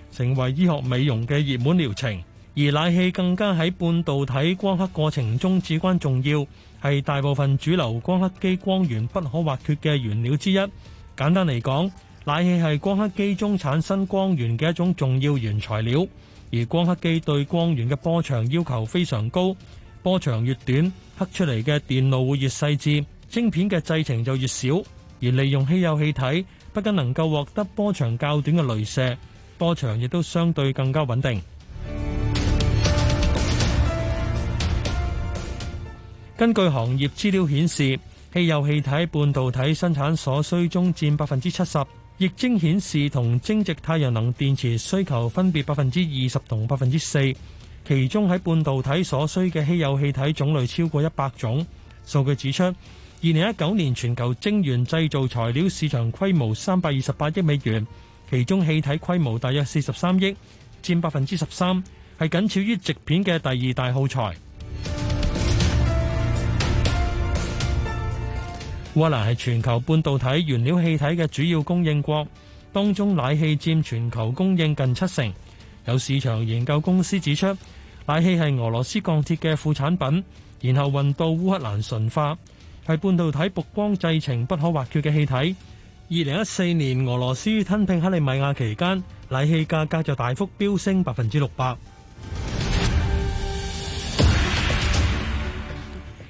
[SPEAKER 12] 成為醫學美容嘅熱門療程，而氖氣更加喺半導體光刻過程中至關重要，係大部分主流光刻機光源不可或缺嘅原料之一。簡單嚟講，氖氣係光刻機中產生光源嘅一種重要原材料。而光刻機對光源嘅波長要求非常高，波長越短，刻出嚟嘅電路會越細緻，晶片嘅製程就越少。而利用稀有氣體，不僅能夠獲得波長較短嘅雷射。波長亦都相對更加穩定。根據行業資料顯示，稀有氣體半導體生產所需中佔百分之七十，液晶顯示同晶質太陽能電池需求分別百分之二十同百分之四。其中喺半導體所需嘅稀有氣體種類超過一百種。數據指出，二零一九年全球晶圓製造材料市場規模三百二十八億美元。其中氣體規模大約四十三億，佔百分之十三，係僅次於晶片嘅第二大耗材。烏克蘭係全球半導體原料氣體嘅主要供應國，當中氖氣佔全球供應近七成。有市場研究公司指出，氖氣係俄羅斯鋼鐵嘅副產品，然後運到烏克蘭純化，係半導體曝光製程不可或缺嘅氣體。二零一四年，俄羅斯吞併克里米亞期間，氖氣價格就大幅飆升百分之六百。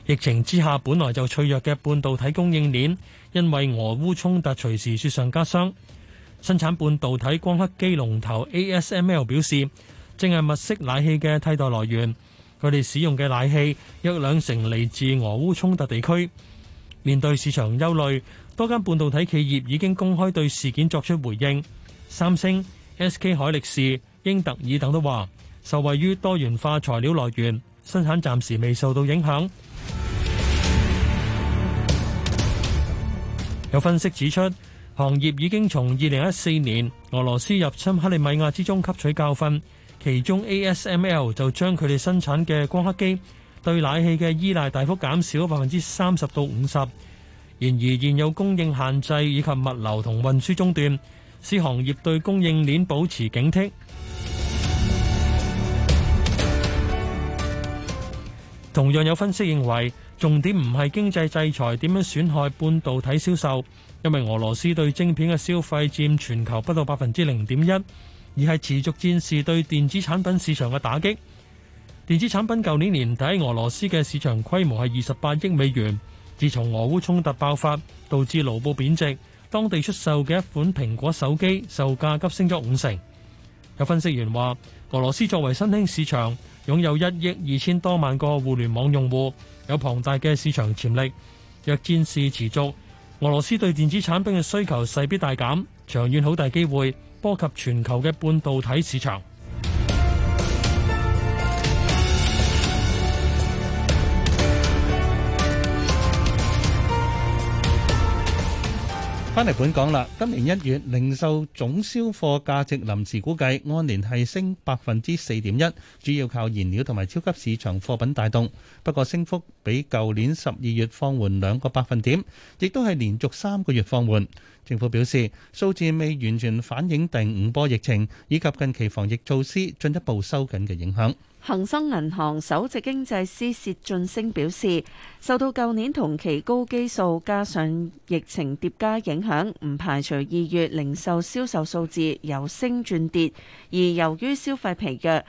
[SPEAKER 12] 疫情之下，本來就脆弱嘅半導體供應鏈，因為俄烏衝突隨時雪上加霜。生產半導體光刻機龍頭 ASML 表示，正係物色氖氣嘅替代來源。佢哋使用嘅氖氣約兩成嚟自俄烏衝突地區。面對市場憂慮，多間半導體企業已經公開對事件作出回應，三星、SK 海力士、英特爾等都話受惠於多元化材料來源，生產暫時未受到影響。有分析指出，行業已經從二零一四年俄羅斯入侵克里米亞之中吸取教訓，其中 ASML 就將佢哋生產嘅光刻機對氖氣嘅依賴大幅減少百分之三十到五十。然而，現有供應限制以及物流同運輸中斷，使行業對供應鏈保持警惕。同樣有分析認為，重點唔係經濟制裁點樣損害半導體銷售，因為俄羅斯對晶片嘅消費佔全球不到百分之零點一，而係持續戰事對電子產品市場嘅打擊。電子產品舊年年底，俄羅斯嘅市場規模係二十八億美元。自從俄烏衝突爆發，導致盧布貶值，當地出售嘅一款蘋果手機售價急升咗五成。有分析員話，俄羅斯作為新興市場，擁有一億二千多萬個互聯網用戶，有龐大嘅市場潛力。若戰事持續，俄羅斯對電子產品嘅需求勢必大減，長遠好大機會波及全球嘅半導體市場。
[SPEAKER 4] 翻嚟本港啦，今年一月零售總銷貨價值臨時估計按年係升百分之四點一，主要靠燃料同埋超級市場貨品帶動。不過升幅比舊年十二月放緩兩個百分點，亦都係連續三個月放緩。政府表示數字未完全反映第五波疫情以及近期防疫措施進一步收緊嘅影響。
[SPEAKER 3] 恒生銀行首席經濟師薛俊昇表示，受到舊年同期高基數加上疫情疊加影響，唔排除二月零售銷售，售，售數字由升轉跌。而由於消費疲弱，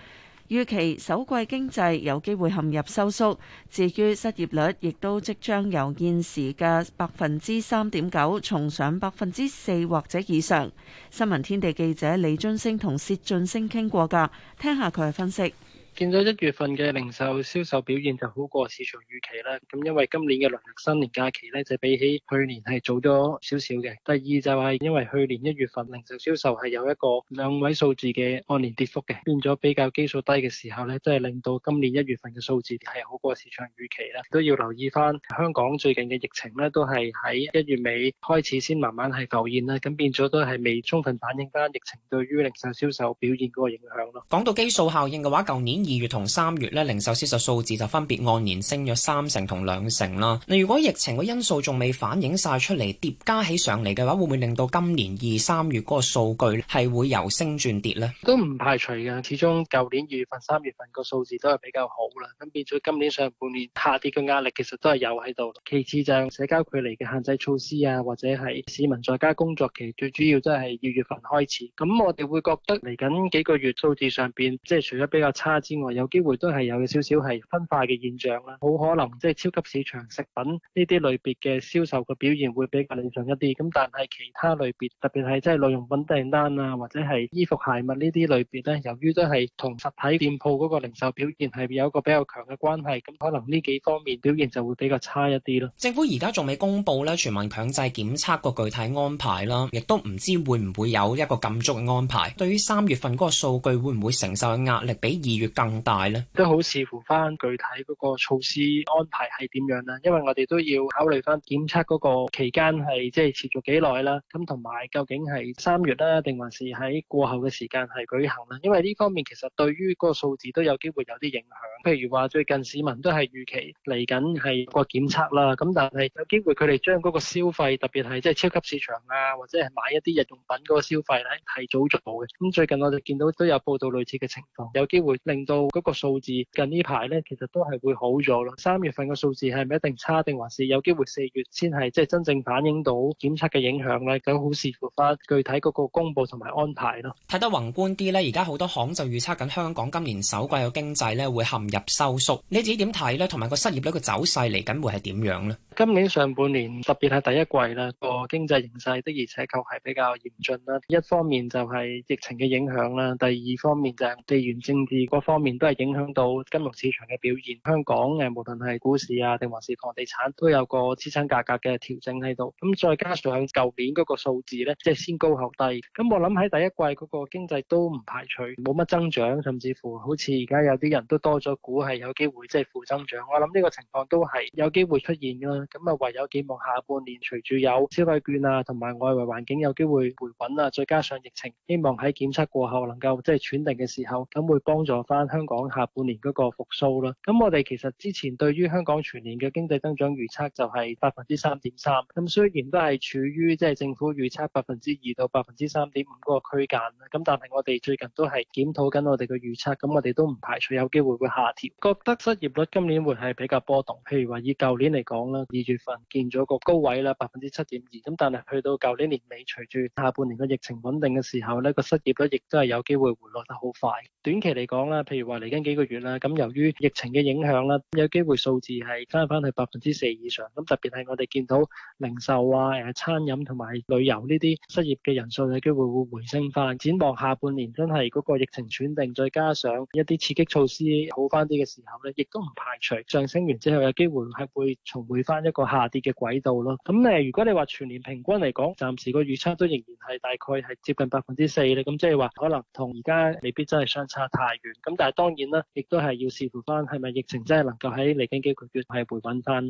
[SPEAKER 3] 預期首季經濟有機會陷入收縮。至於失業率，亦都即將由現時嘅百分之三點九，重上百分之四或者以上。新聞天地記者李津升同薛俊昇傾過㗎，聽下佢嘅分析。
[SPEAKER 17] 見咗一月份嘅零售銷售表現就好過市場預期啦。咁因為今年嘅農曆新年假期咧，就比起去年係早咗少少嘅。第二就係因為去年一月份零售銷售係有一個兩位數字嘅按年跌幅嘅，變咗比較基數低嘅時候咧，都係令到今年一月份嘅數字係好過市場預期啦。都要留意翻香港最近嘅疫情咧，都係喺一月尾開始先慢慢係浮現啦，咁變咗都係未充分反映翻疫情對於零售銷售表現嗰個影響咯。
[SPEAKER 9] 講到基數效應嘅話，舊年二月同三月咧，零售銷售數字就分別按年升咗三成同兩成啦。如果疫情嘅因素仲未反映晒出嚟，疊加起上嚟嘅話，會唔會令到今年二三月嗰個數據係會由升轉跌咧？
[SPEAKER 17] 都唔排除嘅。始終舊年二月份、三月份個數字都係比較好啦，咁變咗今年上半年下跌嘅壓力其實都係有喺度。其次就係社交距離嘅限制措施啊，或者係市民在家工作期，最主要都係二月份開始。咁我哋會覺得嚟緊幾個月數字上邊，即係除咗比較差。之外，有機會都係有少少係分化嘅現象啦。好可能即係超級市場食品呢啲類別嘅銷售嘅表現會比較理想一啲。咁但係其他類別，特別係即係耐用品訂單啊，或者係衣服鞋襪呢啲類別咧，由於都係同實體店鋪嗰個零售表現係有一個比較強嘅關係，咁可能呢幾方面表現
[SPEAKER 9] 就會比較差一啲咯。政府而家仲未公布咧全民強制檢測個具體安排啦，亦都唔知會唔會有一個禁足嘅安排。對於三月份嗰個數據會唔會承受壓力比，會會會會壓力比二月更更大咧，
[SPEAKER 17] 都好視乎翻具體嗰個措施安排係點樣啦。因為我哋都要考慮翻檢測嗰個期間係即係持續幾耐啦，咁同埋究竟係三月啦，定還是喺過後嘅時間係舉行啦？因為呢方面其實對於嗰個數字都有機會有啲影響。譬如話最近市民都係預期嚟緊係個檢測啦，咁但係有機會佢哋將嗰個消費，特別係即係超級市場啊，或者係買一啲日用品嗰個消費咧提早做嘅。咁最近我哋見到都有報道類似嘅情況，有機會令到。到嗰個數字近呢排咧，其實都係會好咗咯。三月份嘅數字係咪一定差，定還是有機會四月先係即係真正反映到檢測嘅影響咧？咁好視乎翻具體嗰個公佈同埋安排咯。
[SPEAKER 9] 睇得宏觀啲咧，而家好多行就預測緊香港今年首季嘅經濟咧會陷入收縮。你自己點睇咧？同埋個失業率嘅走勢嚟緊會係點樣咧？
[SPEAKER 17] 今年上半年特別係第一季咧，個經濟形勢的而且確係比較嚴峻啦。一方面就係疫情嘅影響啦，第二方面就係地緣政治嗰方面都係影響到金融市場嘅表現，香港誒無論係股市啊，定還是房地產都有個資產價格嘅調整喺度。咁再加上舊年嗰個數字咧，即係先高後低。咁我諗喺第一季嗰個經濟都唔排除冇乜增長，甚至乎好似而家有啲人都多咗股係有機會即係負增長。我諗呢個情況都係有機會出現㗎喇。咁啊，唯有寄望下半年隨住有消費券啊，同埋外圍環境有機會回穩啊，再加上疫情，希望喺檢測過後能夠即係轉定嘅時候，咁會幫助翻。香港下半年嗰個復甦啦，咁我哋其實之前對於香港全年嘅經濟增長預測就係百分之三點三，咁雖然都係處於即係政府預測百分之二到百分之三點五嗰個區間啦，咁但係我哋最近都係檢討緊我哋嘅預測，咁我哋都唔排除有機會會下調。覺得失業率今年會係比較波動，譬如話以舊年嚟講啦，二月份見咗個高位啦，百分之七點二，咁但係去到舊年年尾，隨住下半年嘅疫情穩定嘅時候呢，呢個失業率亦都係有機會回落得好快。短期嚟講啦，譬如～話嚟緊幾個月啦，咁由於疫情嘅影響啦，有機會數字係翻翻去百分之四以上。咁特別係我哋見到零售啊、誒餐飲同埋旅遊呢啲失業嘅人數有機會會回升翻。展望下半年真係嗰個疫情喘定，再加上一啲刺激措施好翻啲嘅時候咧，亦都唔排除上升完之後有機會係會重回翻一個下跌嘅軌道咯。咁誒，如果你話全年平均嚟講，暫時個預測都仍然係大概係接近百分之四啦，咁即係話可能同而家未必真係相差太遠。咁但係當然啦，亦都係要視乎翻係咪疫情真係能夠喺嚟緊幾個月係回穩
[SPEAKER 4] 翻。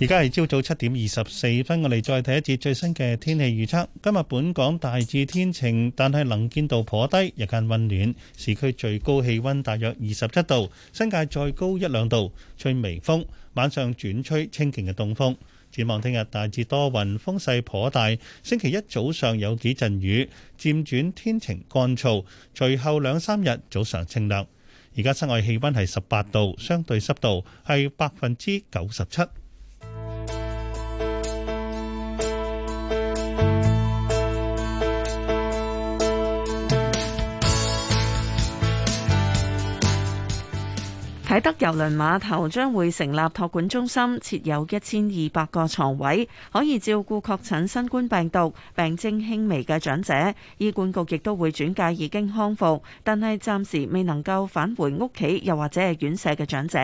[SPEAKER 4] 而家係朝早七點二十四分，我哋再睇一節最新嘅天氣預測。今日本港大致天晴，但係能見度頗低，日間溫暖，市區最高氣溫大約二十七度，新界再高一兩度，吹微風，晚上轉吹清勁嘅東風。展望聽日大致多雲，風勢頗大。星期一早上有幾陣雨，漸轉天晴乾燥。隨後兩三日早上清涼。而家室外氣温係十八度，相對濕度係百分之九十七。
[SPEAKER 3] 啟德郵輪碼頭將會成立託管中心，設有一千二百個床位，可以照顧確診新冠病毒、病症輕微嘅長者。醫管局亦都會轉介已經康復但係暫時未能夠返回屋企，又或者係院舍嘅長者。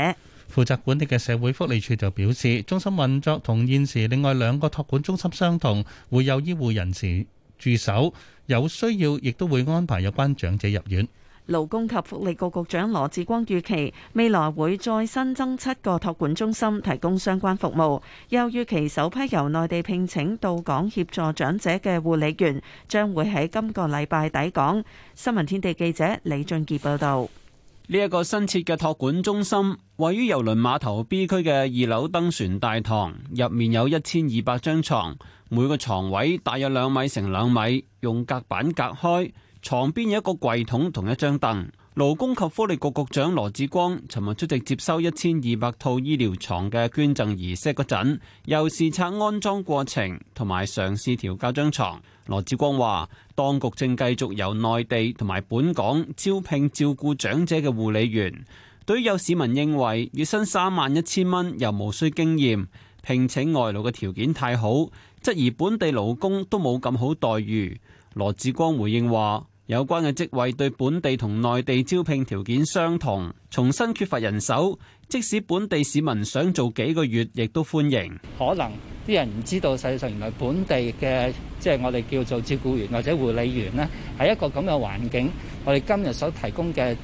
[SPEAKER 4] 負責管理嘅社會福利署就表示，中心運作同現時另外兩個託管中心相同，會有醫護人士駐守，有需要亦都會安排有關長者入院。
[SPEAKER 3] 勞工及福利局局長羅志光預期未來會再新增七個託管中心，提供相關服務。又預期首批由內地聘請到港協助長者嘅護理員將會喺今個禮拜抵港。新聞天地記者李俊杰報道：
[SPEAKER 18] 呢一個新設嘅託管中心位於郵輪碼頭 B 區嘅二樓登船大堂，入面有一千二百張床，每個床位大約兩米乘兩米，用隔板隔開。床邊有一個櫃桶同一張凳，勞工及福利局局長羅志光尋日出席接收一千二百套醫療床嘅捐贈儀式嗰陣，又視察安裝過程同埋嘗試調校張床。羅志光話：當局正繼續由內地同埋本港招聘照顧長者嘅護理員。對於有市民認為月薪三萬一千蚊又無需經驗聘請外勞嘅條件太好，質疑本地勞工都冇咁好待遇。羅志光回應話，有關嘅職位對本地同內地招聘條件相同，重新缺乏人手，即使本地市民想做幾個月，亦都歡迎。可能
[SPEAKER 19] 啲人唔知道，實際上原來本地嘅即係我哋叫做照顧員或者護理員呢，喺一個咁嘅環境，我哋今日所提供嘅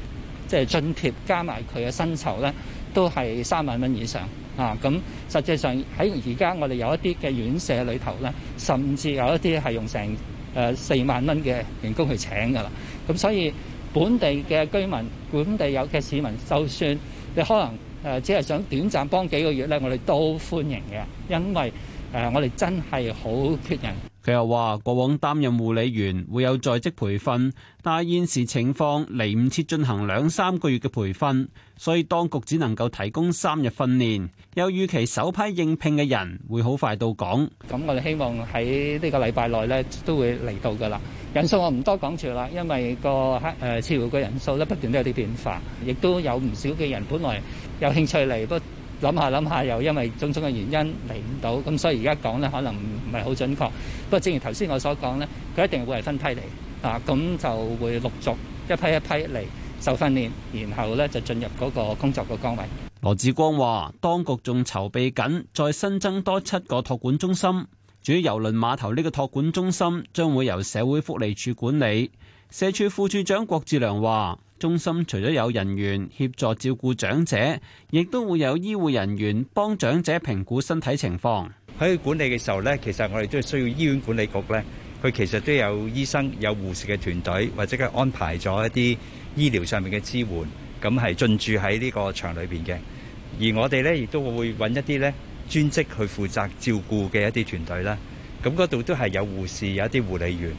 [SPEAKER 19] 即係津貼加埋佢嘅薪酬呢，都係三萬蚊以上啊。咁實際上喺而家我哋有一啲嘅院舍裏頭呢，甚至有一啲係用成。誒四萬蚊嘅員工去請㗎啦，咁所以本地嘅居民、本地有嘅市民，就算你可能誒只係想短暫幫幾個月咧，我哋都歡迎嘅，因為誒我哋真係好缺人。
[SPEAKER 18] 佢又話：過往擔任護理員會有在職培訓，但係現時情況嚟唔切進行兩三個月嘅培訓，所以當局只能夠提供三日訓練。有預期首批應聘嘅人會好快到港。
[SPEAKER 19] 咁我哋希望喺呢個禮拜內咧都會嚟到噶啦。人數我唔多講住啦，因為個黑誒僱嘅人數咧不斷都有啲變化，亦都有唔少嘅人本來有興趣嚟不諗下諗下又因為種種嘅原因嚟唔到，咁所以而家講呢，可能唔係好準確。不過正如頭先我所講呢，佢一定會係分批嚟，啊咁就會陸續一批一批嚟受訓練，然後呢就進入嗰個工作個崗位。
[SPEAKER 18] 羅智光話：當局仲籌備緊再新
[SPEAKER 19] 增多七個托管中心，
[SPEAKER 18] 至於遊輪碼頭呢個托管中心將會由社會福利署管理。社署副署長郭志良話。中心除咗有人員協助照顧長者，亦都會有醫護人員幫長者評估身體情況。喺管理嘅時
[SPEAKER 5] 候咧，其實我哋都係需要醫院管理局咧，佢其實都有醫生、有護士嘅團隊或者係安排咗一啲醫療上面嘅支援，咁係進駐喺呢個場裏邊嘅。而我哋咧亦都會揾一啲咧專職去負責照顧嘅一啲團隊啦。咁嗰度都係有護士、有一啲護理員，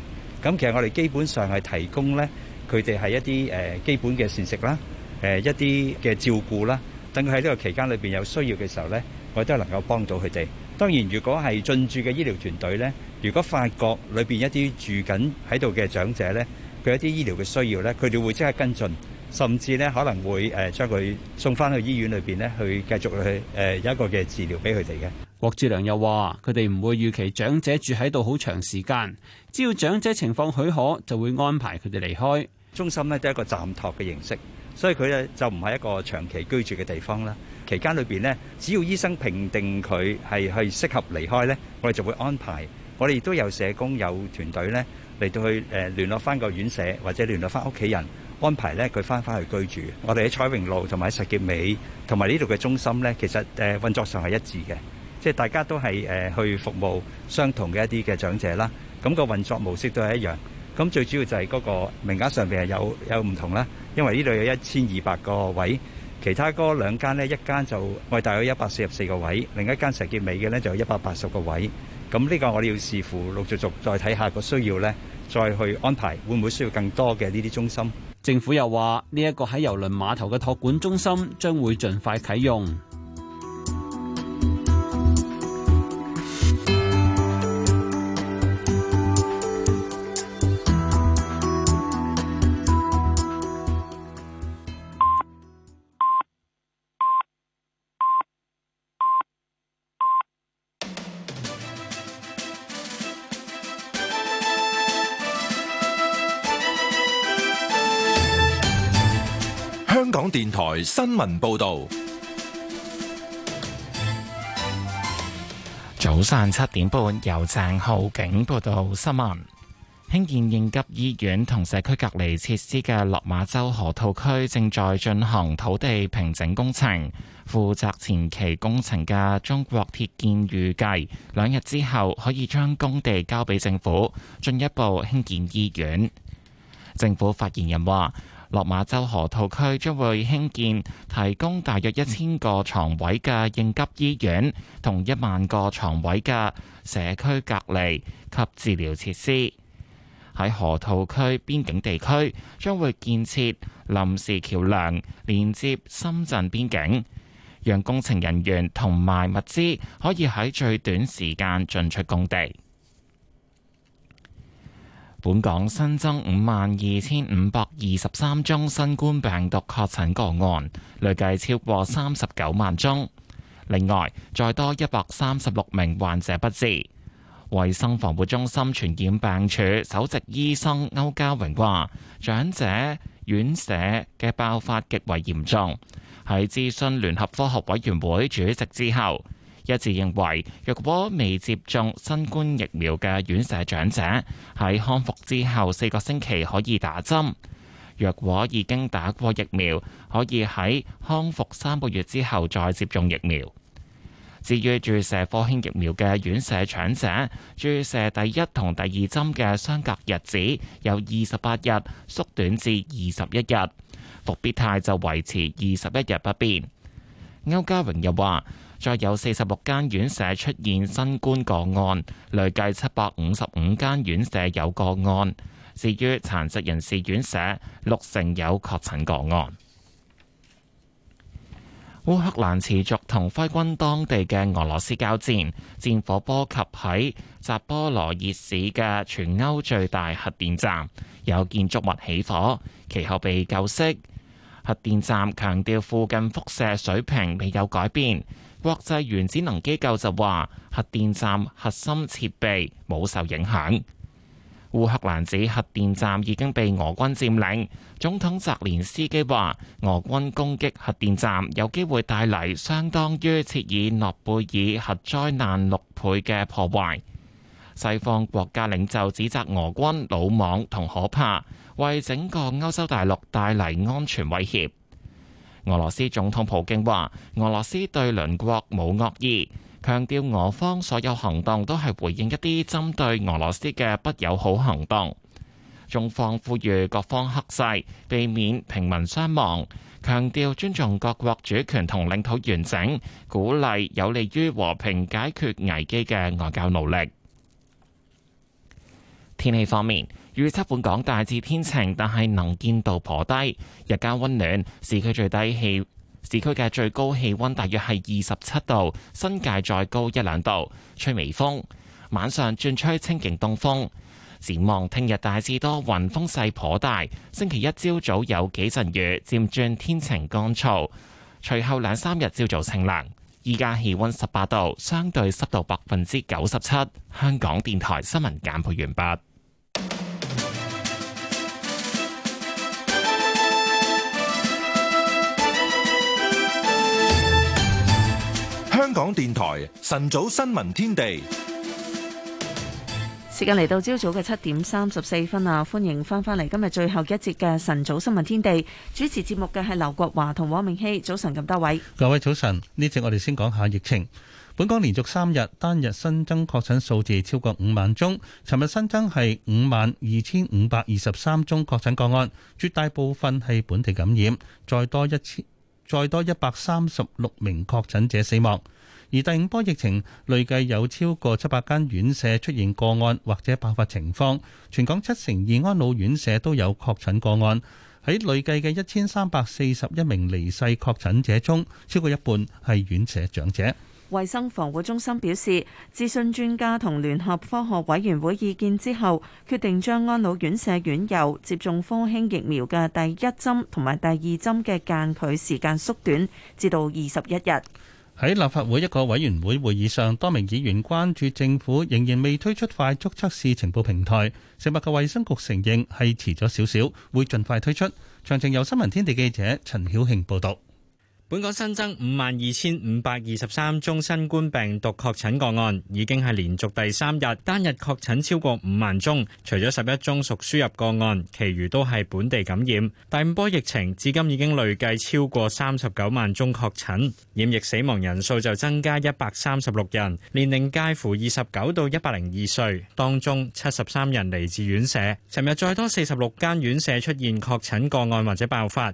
[SPEAKER 5] 咁其實我哋基本上係提供咧。佢哋係一啲誒基本嘅膳食啦，誒一啲嘅照顧啦，等佢喺呢個期間裏邊有需要嘅時候呢，我都能夠幫到佢哋。當然，如果係進駐嘅醫療團隊呢，如果發覺裏邊一啲住緊喺度嘅長者呢，佢一啲醫療嘅需要呢，佢哋會即刻跟進，甚至呢可能會誒將佢送翻去醫
[SPEAKER 18] 院裏邊呢，去繼續去誒有一個嘅治療俾佢哋嘅。郭志良又話：佢哋唔會預期長者住喺度好長時間，只要長者情況許可，就會安排佢哋離開。中心咧都係一個暫託嘅形式，所以佢咧就唔係一個長期居住嘅地
[SPEAKER 5] 方啦。期間裏邊咧，只要醫生評定佢係去適合離開咧，我哋就會安排。我哋亦都有社工，有團隊咧嚟到去誒聯絡翻個院舍或者聯絡翻屋企人安排咧佢翻返去居住。我哋喺彩榮路同埋喺石硤尾同埋呢度嘅中心咧，其實誒運作上係一致嘅，即係大家都係誒去服務相同嘅一啲嘅長者啦。咁個運作模式都係一樣。咁最主要就係嗰個名額上邊係有有唔同啦，因為呢度有一千二百個位，其他嗰兩間咧，一間就我哋大約一百四十四個位，另一間石結尾嘅呢就一百八十個位。咁呢個我哋要視乎陸續續再睇下個需要呢，再去安排會唔會需要更
[SPEAKER 18] 多嘅呢啲中心。政府又話，呢、這、一個喺郵輪碼頭嘅託管中心將會盡快啟用。
[SPEAKER 1] 新聞報道，
[SPEAKER 11] 早上七點半，由鄭浩景報道新聞。興建應急醫院同社區隔離設施嘅落馬洲河套區正在進行土地平整工程。負責前期工程嘅中國鐵建預計兩日之後可以將工地交俾政府，進一步興建醫院。政府發言人話。落馬洲河套區將會興建提供大約一千個床位嘅應急醫院，同一萬個床位嘅社區隔離及治療設施。喺河套區邊境地區，將會建設臨時橋樑連接深圳邊境，讓工程人員同埋物資可以喺最短時間進出工地。本港新增五萬二千五百二十三宗新冠病毒確診個案，累計超過三十九萬宗。另外，再多一百三十六名患者不治。衛生防護中心傳染病處首席醫生歐家榮話，長者院舍嘅爆發極為嚴重。喺諮詢聯合科學委員會主席之後。一致認為，若果未接種新冠疫苗嘅院舍長者喺康復之後四個星期可以打針；若果已經打過疫苗，可以喺康復三個月之後再接種疫苗。至於注射科興疫苗嘅院舍長者，注射第一同第二針嘅相隔日子由二十八日縮短至二十一日，復必泰就維持二十一日不變。歐家榮又話。再有四十六間院舍出現新冠個案，累計七百五十五間院舍有個案。至於殘疾人士院舍，六成有確診個案。烏克蘭持續同揮軍當地嘅俄羅斯交戰，戰火波及喺扎波羅熱市嘅全歐最大核電站，有建築物起火，其後被救熄。核電站強調附近輻射水平未有改變。國際原子能機構就話，核電站核心設備冇受影響。烏克蘭指核電站已經被俄軍佔領。總統澤連斯基話，俄軍攻擊核電站有機會帶嚟相當於切爾諾貝爾核災難六倍嘅破壞。西方國家領袖指責俄軍魯莽同可怕，為整個歐洲大陸帶嚟安全威脅。俄羅斯總統普京話：俄羅斯對鄰國冇惡意，強調俄方所有行動都係回應一啲針對俄羅斯嘅不友好行動。中方呼籲各方克制，避免平民傷亡，強調尊重各國主權同領土完整，鼓勵有利於和平解決危機嘅外交努力。天氣方面。預測本港大致天晴，但係能見度頗低。日間溫暖，市區最低氣，市區嘅最高氣溫大約係二十七度，新界再高一兩度，吹微風。晚上轉吹清勁東風。展望聽日大致多雲，風勢頗大。星期一朝早，早有幾陣雨，漸轉天晴乾燥。隨後兩三日朝早清涼。依家氣温十八度，相對濕度百分之九十七。香港電台新聞簡報完畢。
[SPEAKER 1] 港電台晨早新聞天地，
[SPEAKER 3] 時間嚟到朝早嘅七點三十四分啊，歡迎翻翻嚟今日最後一節嘅晨早新聞天地。主持節目嘅係劉國華同黃明熙。早晨咁多位，
[SPEAKER 4] 各位早晨。呢節我哋先講下疫情。本港連續三日單日新增確診數字超過五萬宗，尋日新增係五萬二千五百二十三宗確診個案，絕大部分係本地感染。再多一千，再多一百三十六名確診者死亡。而第五波疫情累計有超過七百間院舍出現個案或者爆發情況，全港七成二安老院舍都有確診個案。喺累計嘅一千三百四十一名離世確診者中，超過一半係院舍長者。
[SPEAKER 3] 衛生防護中心表示，諮詢專家同聯合科學委員會意見之後，決定將安老院舍院友接種科興疫苗嘅第一針同埋第二針嘅間距時間縮短至到二十一日。
[SPEAKER 4] 喺立法會一個委員會會議上，多名議員關注政府仍然未推出快速測試情報平台。食物及衛生局承認係遲咗少少，會盡快推出。詳情由新聞天地記者陳曉慶報道。
[SPEAKER 15] 本港新增五萬二千五百二十三宗新冠病毒確診個案，已經係連續第三日單日確診超過五萬宗。除咗十一宗屬輸入個案，其餘都係本地感染。第五波疫情至今已經累計超過三十九萬宗確診，染疫死亡人數就增加一百三十六人，年齡介乎二十九到一百零二歲，當中七十三人嚟自院舍。尋日再多四十六間院舍出現確診個案或者爆發。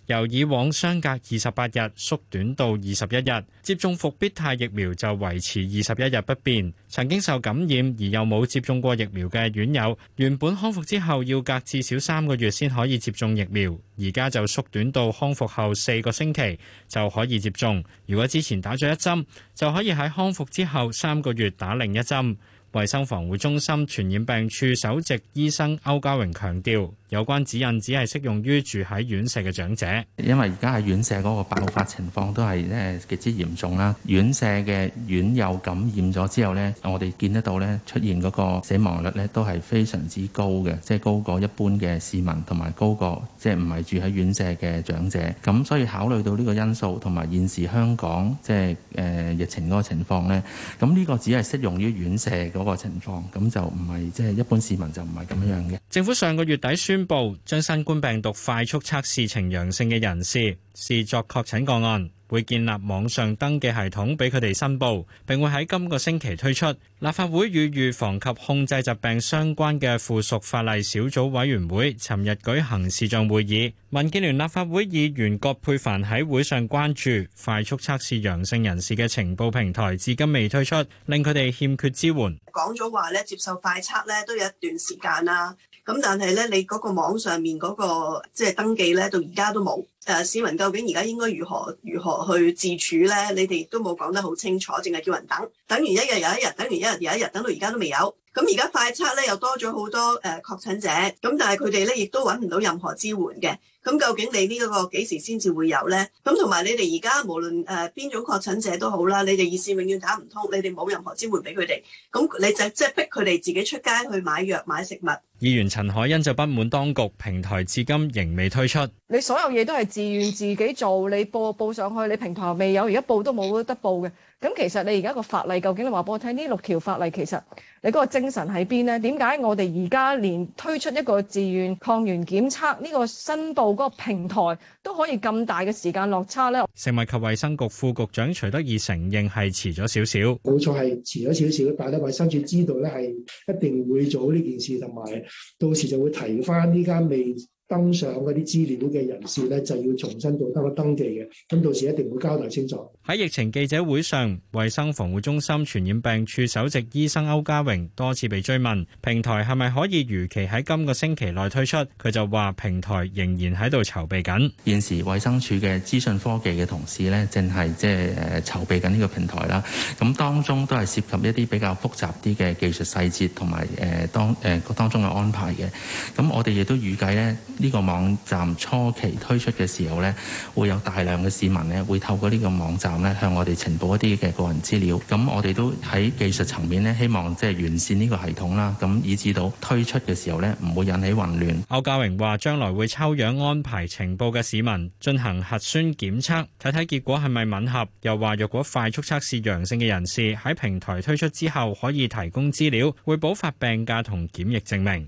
[SPEAKER 15] 由以往相隔二十八日縮短到二十一日，接種復必泰疫苗就維持二十一日不變，曾經受感染而又冇接種過疫苗嘅院友，原本康復之後要隔至少三個月先可以接種疫苗，而家就縮短到康復後四個星期就可以接種，如果之前打咗一針就可以喺康復之後三個月打另一針，衛生防護中心傳染病處首席醫生歐家榮強調。有關指引只係適用於住喺院舍嘅長者，因為而家喺院舍嗰個爆發情況都係誒極之嚴重啦。
[SPEAKER 8] 院舍嘅院友感染咗之後呢，我哋見得到呢出現嗰個死亡率呢都係非常之高嘅，即係高過一般嘅市民同埋高過即係唔係住喺院舍嘅長者。咁所以考慮到呢個因素同埋現時香港即係誒疫情嗰個情況呢，咁呢個只係適用於院舍嗰個情況，咁就唔係即係一般市民就唔係咁樣嘅。
[SPEAKER 15] 政府上個月底宣宣布將新冠病毒快速測試呈陽性嘅人士視作確診個案，會建立網上登記系統俾佢哋申報，並會喺今個星期推出。立法會與預防及控制疾病相關嘅附屬法例小組委員會尋日舉行視像會議，民建聯立法會議員葛珮帆喺會上關注快速測試陽性人士嘅情報平台至今未推出，令佢哋欠缺支援。
[SPEAKER 14] 講咗話咧，接受快
[SPEAKER 3] 測咧都有一段時間啦。咁但係咧，你嗰個網上面、那、嗰個即係、就是、登記咧，到而家都冇。誒，市民究竟而家應該如何如何去自處咧？你哋都冇講得好清楚，淨係叫人等，等完一日又一日，等完一日又一日，等到而家都未有。咁而家快測咧又多咗好多誒確診者，咁但係佢哋咧亦都揾唔到任何支援嘅。咁究竟你呢一個幾時先至會有咧？咁同埋你哋而家無論誒邊種確診者都好啦，你哋熱線永遠打唔通，你哋冇任何支援俾佢哋。咁你就即係逼佢哋自己出街去買藥買食物。
[SPEAKER 15] 議員陳海欣就不滿當局平台至今仍未推出，
[SPEAKER 13] 你所有嘢都係。自願自己做，你報報上去，你平台未有，而家報都冇得報嘅。咁其實你而家個法例究竟你話俾我聽，呢六條法例其實你嗰個精神喺邊咧？點解我哋而家連推出一個自願抗原檢測呢個申報嗰個平台都可以咁大嘅時間落差咧？
[SPEAKER 15] 食物及衛生局副局長徐德義承認係遲咗少少，
[SPEAKER 19] 冇錯係遲咗少少，但係呢，衛生署知道咧係一定會做呢件事，同埋到時就會提返呢間未登上嗰啲資料嘅人士咧，就要重新做得個登記嘅。咁到時一定
[SPEAKER 15] 會交代清楚。喺疫情記者會上，衛生防護中心傳染病處首席醫生歐家榮多次被追問平台係咪可以如期喺今個星期內推出，佢就話平台仍然喺度籌備緊。現時衛生署嘅資訊科技嘅同事咧，正係即係誒籌備緊
[SPEAKER 8] 呢個平台啦。咁當中都係涉及一啲比較複雜啲嘅技術細節同埋誒當誒、呃、當中嘅安排嘅。咁我哋亦都預計咧。呢個網站初期推出嘅時候呢，會有大量嘅市民呢會透過呢個網站呢向我哋呈報一啲嘅個人資料。咁我哋都喺技術層面呢，希望即係完善呢個系統啦。咁以至到推出嘅時候呢，唔會引起混亂。
[SPEAKER 15] 歐家榮話：將來會抽樣安排呈報嘅市民進行核酸檢測，睇睇結果係咪吻合。又話若果快速測試陽性嘅人士喺平台推出之後，可以提供資料，會補發病假同檢疫證明。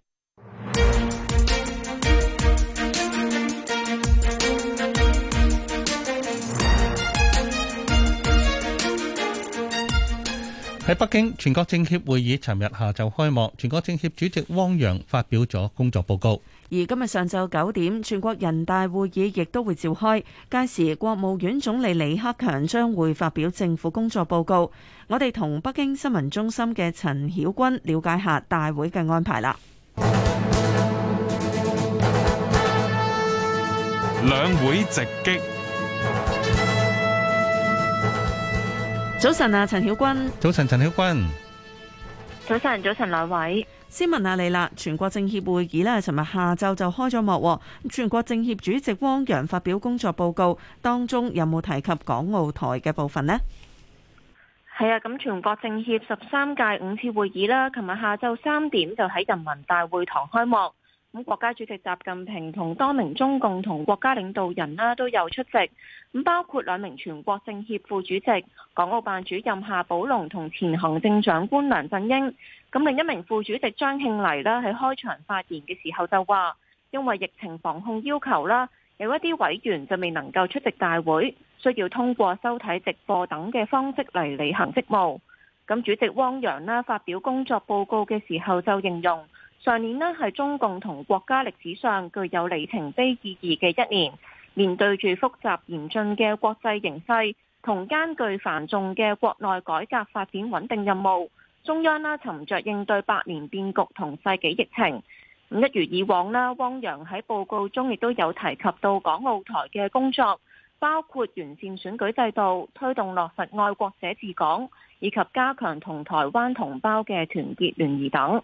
[SPEAKER 4] 喺北京，全國政協會議尋日下晝開幕，全國政協主席汪洋發表咗工作報告。
[SPEAKER 3] 而今日上晝九點，全國人大會議亦都會召開，屆時國務院總理李克強將會發表政府工作報告。我哋同北京新聞中心嘅陳曉君了解下大會嘅安排啦。
[SPEAKER 4] 兩會直擊。
[SPEAKER 3] 早晨啊，陳曉君。早晨，陳曉君。早晨，早晨，兩位。先問下、啊、你啦，全國政協會議呢？尋日下晝就開咗幕、哦。咁全國政協主席汪洋發表工作報告，當中有冇提及港澳台嘅部分呢？
[SPEAKER 13] 係啊，咁全國政協十三屆五次會議啦，尋日下晝三點就喺人民大會堂開幕。咁國家主席習近平同多名中共同國家領導人啦都有出席，咁包括兩名全國政協副主席、港澳辦主任夏寶龍同前行政長官梁振英。咁另一名副主席張慶黎啦喺開場發言嘅時候就話：因為疫情防控要求啦，有一啲委員就未能夠出席大會，需要通過收睇直播等嘅方式嚟履行職務。咁主席汪洋啦發表工作報告嘅時候就形容，上年呢，係中共同國家歷史上具有里程碑意義嘅一年，面對住複雜嚴峻嘅國際形勢同艱巨繁重嘅國內改革發展穩定任務，中央咧沉着應對百年變局同世紀疫情。咁一如以往啦，汪洋喺報告中亦都有提及到港澳台嘅工作，包括完善選舉制度、推動落實愛國者治港，以及加強同台灣同胞嘅團結聯誼等。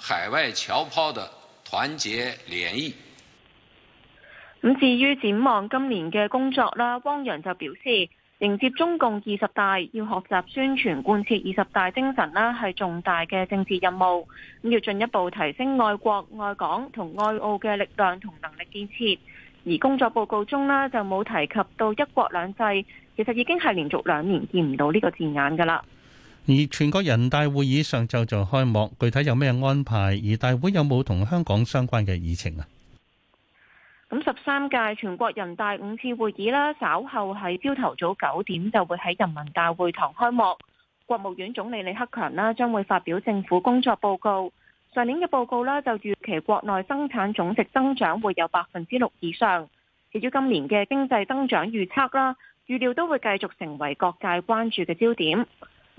[SPEAKER 18] 海外僑胞的團結聯誼。
[SPEAKER 13] 咁至於展望今年嘅工作啦，汪洋就表示，迎接中共二十大，要學習宣傳貫徹二十大精神啦，係重大嘅政治任務。咁要進一步提升愛國愛港同愛澳嘅力量同能力建設。而工作報告中啦，就冇提及到一國兩制，其實已經係連續兩年見唔到呢個字眼㗎喇。
[SPEAKER 4] 而全國人大會議上晝就開幕，具體有咩安排？而大會有冇同香港相關嘅議程啊？
[SPEAKER 13] 咁十三屆全國人大五次會議啦，稍後喺朝頭早九點就會喺人民大會堂開幕。國務院總理李克強啦，將會發表政府工作報告。上年嘅報告啦，就預期國內生產總值增長會有百分之六以上。至於今年嘅經濟增長預測啦，預料都會繼續成為各界關注嘅焦點。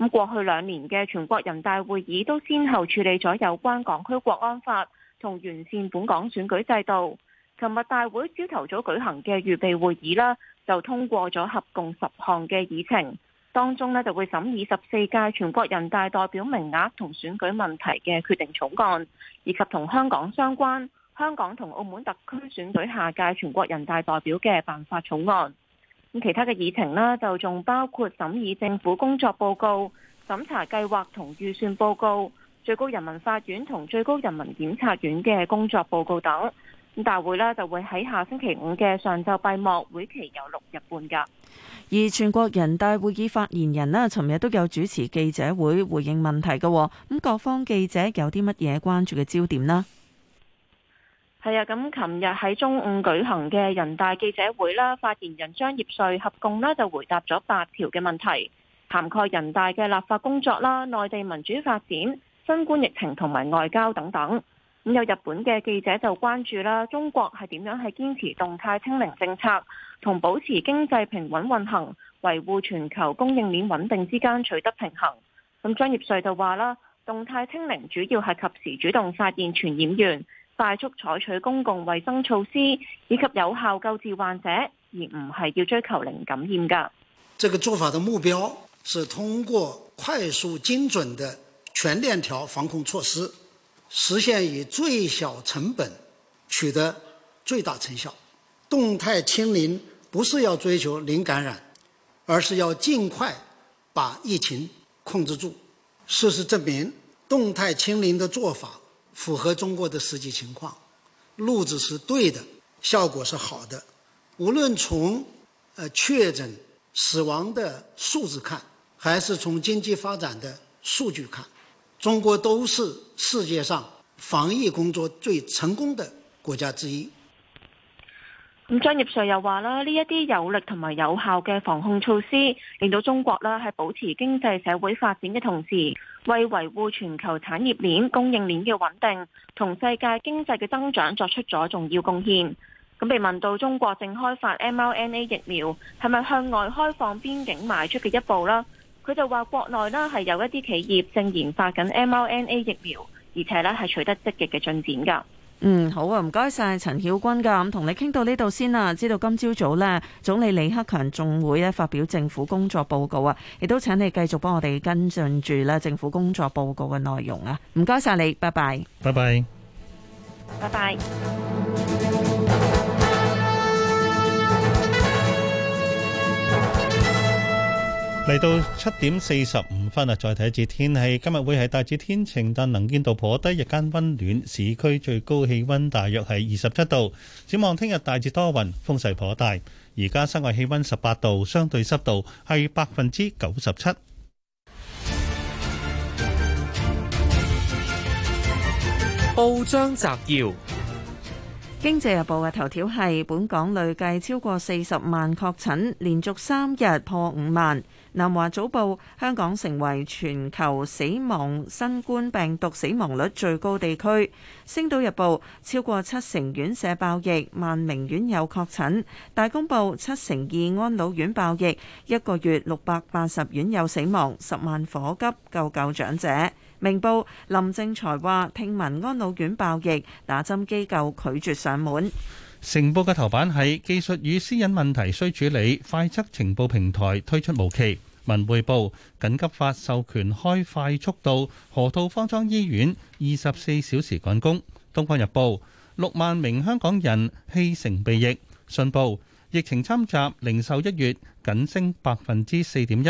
[SPEAKER 13] 咁過去兩年嘅全國人大會議都先後處理咗有關港區國安法同完善本港選舉制度。琴日大會朝頭早舉行嘅預備會議啦，就通過咗合共十項嘅議程，當中呢，就會審議十四屆全國人大代表名額同選舉問題嘅決定草案，以及同香港相關香港同澳門特區選舉下屆全國人大代表嘅辦法草案。咁其他嘅議程呢，就仲包括審議政府工作報告、審查計劃同預算報告、最高人民法院同最高人民檢察院嘅工作報告等。咁大會呢，就會喺下星期五嘅上晝閉幕，會期有六日半噶。
[SPEAKER 3] 而全國人大會議發言人呢，尋日都有主持記者會回應問題噶喎。咁各方記者有啲乜嘢關注嘅焦點呢？
[SPEAKER 13] 係啊，咁琴日喺中午舉行嘅人大記者會啦，發言人張業遂合共呢就回答咗八條嘅問題，涵蓋人大嘅立法工作啦、內地民主發展、新冠疫情同埋外交等等。咁有日本嘅記者就關注啦，中國係點樣係堅持動態清零政策，同保持經濟平穩運行、維護全球供應鏈穩定之間取得平衡。咁張業遂就話啦，動態清零主要係及時主動發現傳染源。快速採取公共衛生措施，以及有效救治患者，而唔係要追求零感染㗎。
[SPEAKER 17] 這個做法的目標，是通過快速、精準的全鏈條防控措施，實現以最小成本取得最大成效。動態清零不是要追求零感染，而是要盡快把疫情控制住。事實證明，動態清零的做法，符合中國的實際情況，路子是對的，效果是好的。無論從，呃確診死亡的數字看，還是從經濟發展的數據看，中國都是世界上防疫工作最成功的國家之一。
[SPEAKER 13] 咁張業遂又話啦，呢一啲有力同埋有效嘅防控措施，令到中國啦喺保持經濟社會發展嘅同時。為維護全球產業鏈、供應鏈嘅穩定同世界經濟嘅增長作出咗重要貢獻。咁被問到中國正開發 mRNA 疫苗係咪向外開放邊境邁出嘅一步啦，佢就話國內呢係有一啲企業正研發緊 mRNA 疫苗，而且呢係取得積極嘅進展噶。
[SPEAKER 3] 嗯，好啊，唔該晒陳曉君㗎，咁同你傾到呢度先啦。知道今朝早咧，總理李克強仲會咧發表政府工作報告啊，亦都請你繼續幫我哋跟進住呢政府工作報告嘅內容啊。唔該晒你，拜拜，拜拜，拜
[SPEAKER 13] 拜。拜拜
[SPEAKER 4] 嚟到七點四十五分啊，再睇一節天氣。今日會係大致天晴，但能見度頗低，日間溫暖，市區最高氣溫大約係二十七度。展望聽日大致多雲，風勢頗大。而家室外氣溫十八度，相對濕度係百分之九十七。報章
[SPEAKER 16] 摘要，
[SPEAKER 3] 《經濟日報》嘅頭條係：本港累計超過四十萬確診，連續三日破五萬。南華早報：香港成為全球死亡新冠病毒死亡率最高地區。星島日報：超過七成院舍爆疫，萬名院友確診。大公報：七成二安老院爆疫，一個月六百八十院友死亡，十萬火急，救救長者。明報：林鄭才話聽聞安老院爆疫，打針機構拒絕上門。
[SPEAKER 4] 成報嘅頭版係技術與私隱問題需處理，快測情報平台推出無期。文匯報緊急法授權開快速度，河套方艙醫院二十四小時趕工。東方日報，六萬名香港人棄城避疫。信報，疫情侵襲，零售一月僅升百分之四點一，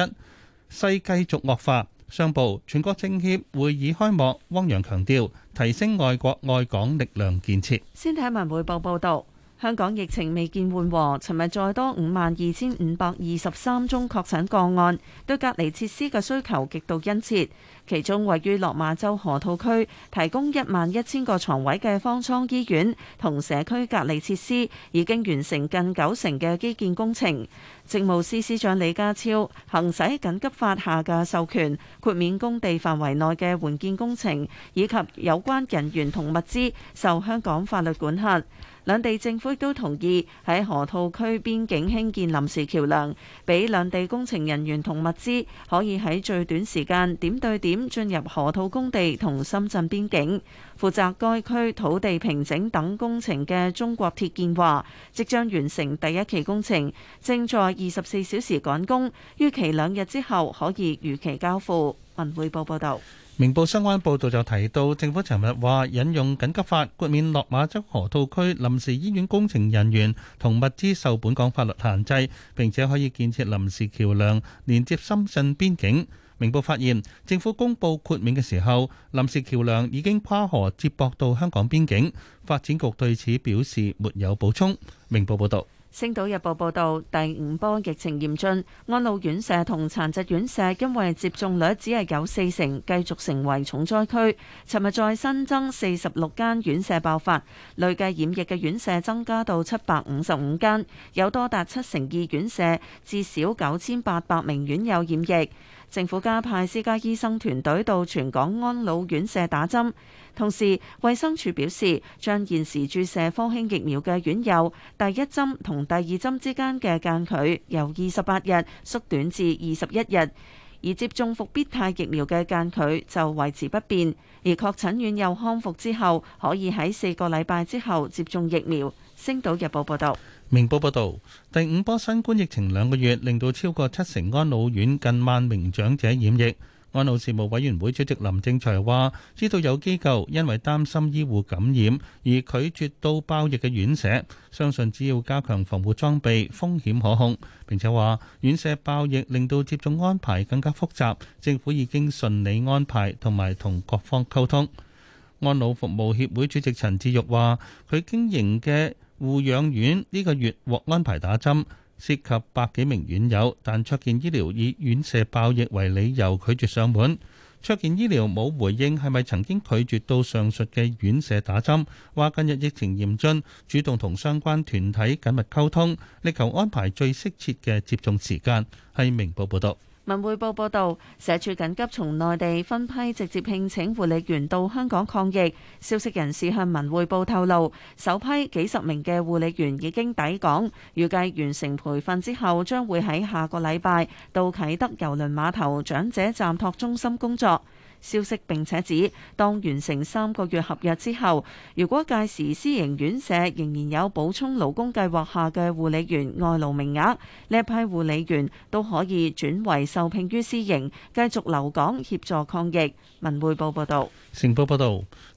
[SPEAKER 4] 勢繼續惡化。商報，全國政協會議開幕，汪洋強調提升愛國愛港力量建設。
[SPEAKER 3] 先睇文匯報報道。香港疫情未見緩和，尋日再多五萬二千五百二十三宗確診個案，對隔離設施嘅需求極度殷切。其中位於落馬洲河套區提供一萬一千個床位嘅方艙醫院同社區隔離設施已經完成近九成嘅基建工程。政務司司長李家超行使緊急法下嘅授權，豁免工地範圍內嘅援建工程以及有關人員同物資受香港法律管轄。兩地政府亦都同意喺河套區邊境興建臨時橋梁，俾兩地工程人員同物資可以喺最短時間點對點進入河套工地同深圳邊境。負責該區土地平整等工程嘅中國鐵建話，即將完成第一期工程，正在二十四小時趕工，預期兩日之後可以如期交付。文匯報報道。
[SPEAKER 4] 明報相關報導就提到，政府尋日話引用緊急法豁免落馬洲河套區臨時醫院工程人員同物資受本港法律限制，並且可以建設臨時橋梁連接深圳邊境。明報發現，政府公布豁免嘅時候，臨時橋梁已經跨河接駁到香港邊境。發展局對此表示沒有補充。明報報道。
[SPEAKER 3] 星島日報報道，第五波疫情嚴峻，安老院舍同殘疾院舍因為接種率只係有四成，繼續成為重災區。尋日再新增四十六間院舍爆發，累計染疫嘅院舍增加到七百五十五間，有多達七成二院舍，至少九千八百名院友染疫。政府加派私家醫生團隊到全港安老院舍打針，同時衛生署表示，將現時注射科興疫苗嘅院友第一針同第二針之間嘅間距由二十八日縮短至二十一日，而接種復必泰疫苗嘅間距就維持不變。而確診院友康復之後，可以喺四個禮拜之後接種疫苗。星島日報報道。
[SPEAKER 4] 明報報道，第五波新冠疫情兩個月，令到超過七成安老院近萬名長者染疫。安老事務委員會主席林正財話：知道有機構因為擔心醫護感染而拒絕到爆疫嘅院舍，相信只要加強防護裝備，風險可控，並且話院舍爆疫令到接種安排更加複雜。政府已經順利安排同埋同各方溝通。安老服務協會主席陳志玉話：佢經營嘅護養院呢個月獲安排打針，涉及百幾名院友，但卓健醫療以院舍爆疫為理由拒絕上門。卓健醫療冇回應係咪曾經拒絕到上述嘅院舍打針，話近日疫情嚴峻，主動同相關團體緊密溝通，力求安排最適切嘅接種時間。係明報報道。
[SPEAKER 3] 文匯報報道，社署緊急從內地分批直接聘請護理員到香港抗疫。消息人士向文匯報透露，首批幾十名嘅護理員已經抵港，預計完成培訓之後，將會喺下個禮拜到啟德郵輪碼頭長者暫托中心工作。消息並且指，當完成三個月合約之後，如果屆時私營院舍仍然有補充勞工計劃下嘅護理員外勞名額，呢一批護理員都可以轉為受聘於私營，繼續留港協助抗疫。文匯報
[SPEAKER 4] 報道：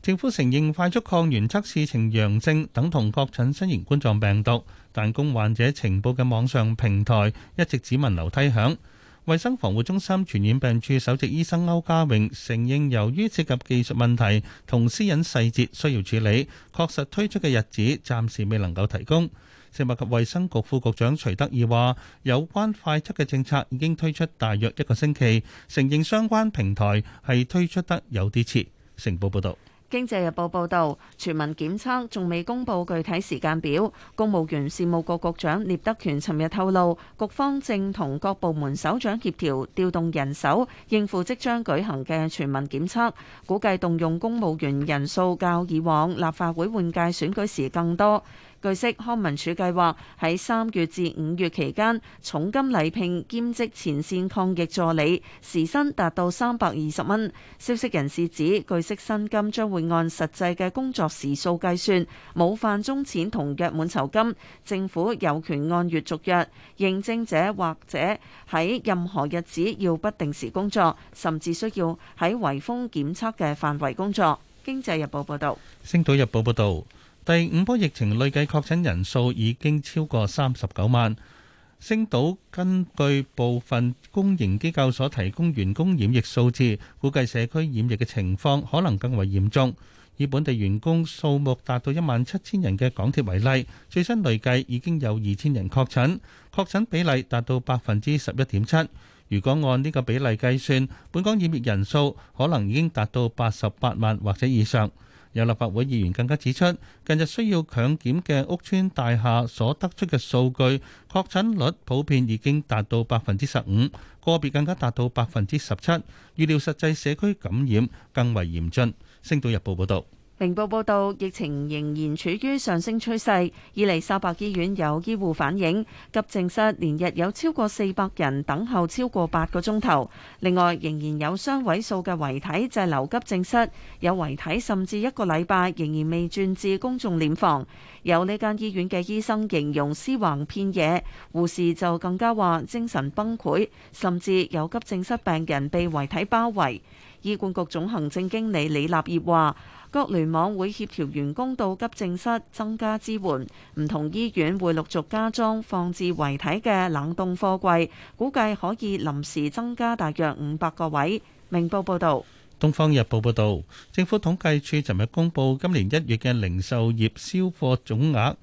[SPEAKER 4] 政府承認快速抗原測試呈陽性等同確診新型冠狀病毒，但供患者情報嘅網上平台一直只聞樓梯響。衛生防護中心傳染病處首席醫生歐家榮承認，由於涉及技術問題同私隱細節需要處理，確實推出嘅日子暫時未能夠提供。食物及衛生局副局長徐德義話，有關快測嘅政策已經推出大約一個星期，承認相關平台係推出得有啲遲。成報報道。
[SPEAKER 3] 經濟日報報導，全民檢測仲未公布具體時間表。公務員事務局局長聶德權尋日透露，局方正同各部門首長協調，調動人手應付即將舉行嘅全民檢測，估計動用公務員人數較以往立法會換屆選舉時更多。據悉，康文署計劃喺三月至五月期間，重金禮聘兼職前線抗疫助理，時薪達到三百二十蚊。消息人士指，據悉薪金將會按實際嘅工作時數計算，冇飯鐘錢同約滿酬金。政府有權按月續約認證者，或者喺任何日子要不定時工作，甚至需要喺圍封檢測嘅範圍工作。經濟日報報道。
[SPEAKER 4] 星島日報報導。第五波疫情累計確診人數已經超過三十九萬。星島根據部分公營機構所提供員工染疫數字，估計社區染疫嘅情況可能更為嚴重。以本地員工數目達到一萬七千人嘅港鐵為例，最新累計已經有二千人確診，確診比例達到百分之十一點七。如果按呢個比例計算，本港染疫人數可能已經達到八十八萬或者以上。有立法會議員更加指出，近日需要強檢嘅屋邨大廈所得出嘅數據，確診率普遍已經達到百分之十五，個別更加達到百分之十七，預料實際社區感染更為嚴峻。星島日報報道。
[SPEAKER 3] 明報報導，疫情仍然處於上升趨勢。伊利沙伯醫院有醫護反映，急症室連日有超過四百人等候超過八個鐘頭。另外，仍然有雙位數嘅遺體滯留急症室，有遺體甚至一個禮拜仍然未轉至公眾殮房。有呢間醫院嘅醫生形容屍橫遍野，護士就更加話精神崩潰，甚至有急症室病人被遺體包圍。醫管局總行政經理李立業話。各聯網會協調員工到急症室增加支援，唔同醫院會陸續加裝放置遺體嘅冷凍貨櫃，估計可以臨時增加大約五百個位。明報報導。
[SPEAKER 4] 《東方日報》報導，政府統計處尋日公布今年一月嘅零售業銷貨總額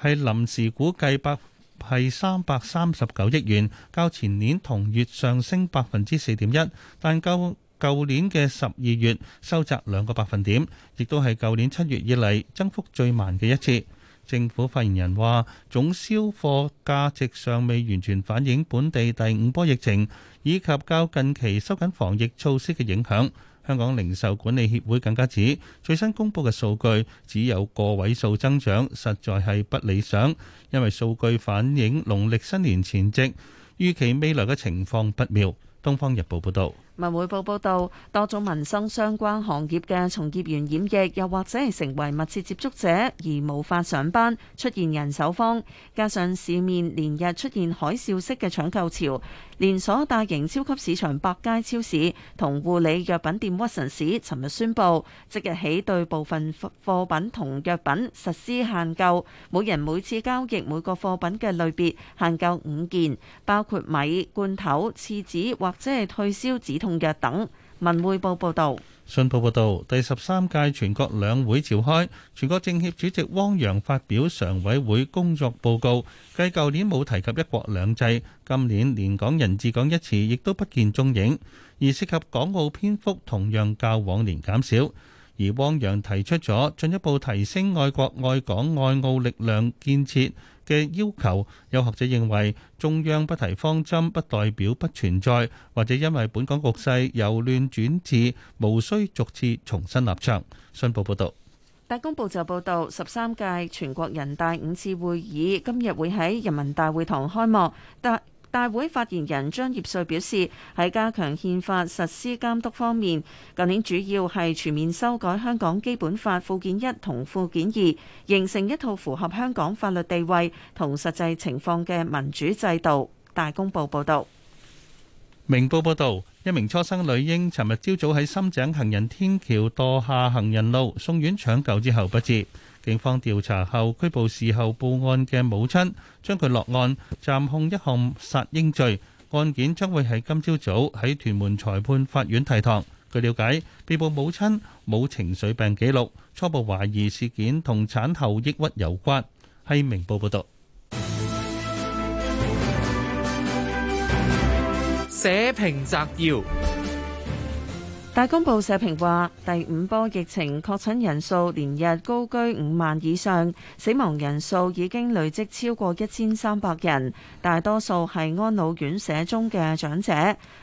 [SPEAKER 4] 係臨時估計百係三百三十九億元，較前年同月上升百分之四點一，但較舊年嘅十二月收窄兩個百分點，亦都係舊年七月以嚟增幅最慢嘅一次。政府發言人話：總銷貨價值尚未完全反映本地第五波疫情以及較近期收緊防疫措施嘅影響。香港零售管理協會更加指，最新公布嘅數據只有個位數增長，實在係不理想，因為數據反映農曆新年前夕，預期未來嘅情況不妙。《東方日報》報導。
[SPEAKER 3] 文匯報報道，多種民生相關行業嘅從業員染疫，又或者係成為密切接觸者而無法上班，出現人手荒，加上市面連日出現海嘯式嘅搶購潮。連鎖大型超級市場百佳超市同護理藥品店屈臣氏，尋日宣布即日起對部分貨品同藥品實施限購，每人每次交易每個貨品嘅類別限購五件，包括米、罐頭、廁紙或者係退燒止痛藥等。文匯報報道。
[SPEAKER 4] 信報報道，第十三屆全國兩會召開，全國政協主席汪洋發表常委會工作報告，繼舊年冇提及一國兩制，今年連港人治港一詞亦都不見蹤影，而涉及港澳篇幅同樣較往年減少，而汪洋提出咗進一步提升愛國愛港愛澳力量建設嘅要求，有學者認為中央不提方針，不代表不存在，或者因為本港局勢由亂轉治，無需逐次重新立場。信報報導，
[SPEAKER 3] 大公報就報導十三屆全國人大五次會議今日會喺人民大會堂開幕。大大會發言人張業遂表示，喺加強憲法實施監督方面，近年主要係全面修改香港基本法附件一、同附件二，形成一套符合香港法律地位同實際情況嘅民主制度。大公報報道，
[SPEAKER 4] 明報報道，一名初生女嬰尋日朝早喺深井行人天橋墮下行人路，送院搶救之後不治。警方調查後拘捕事後報案嘅母親，將佢落案，暫控一項殺嬰罪。案件將會喺今朝早喺屯門裁判法院提堂。據了解，被捕母親冇情緒病記錄，初步懷疑事件同產後抑鬱有關。係明報報道。社評摘要。
[SPEAKER 3] 大公報社評話：第五波疫情確診人數連日高居五萬以上，死亡人數已經累積超過一千三百人，大多數係安老院舍中嘅長者。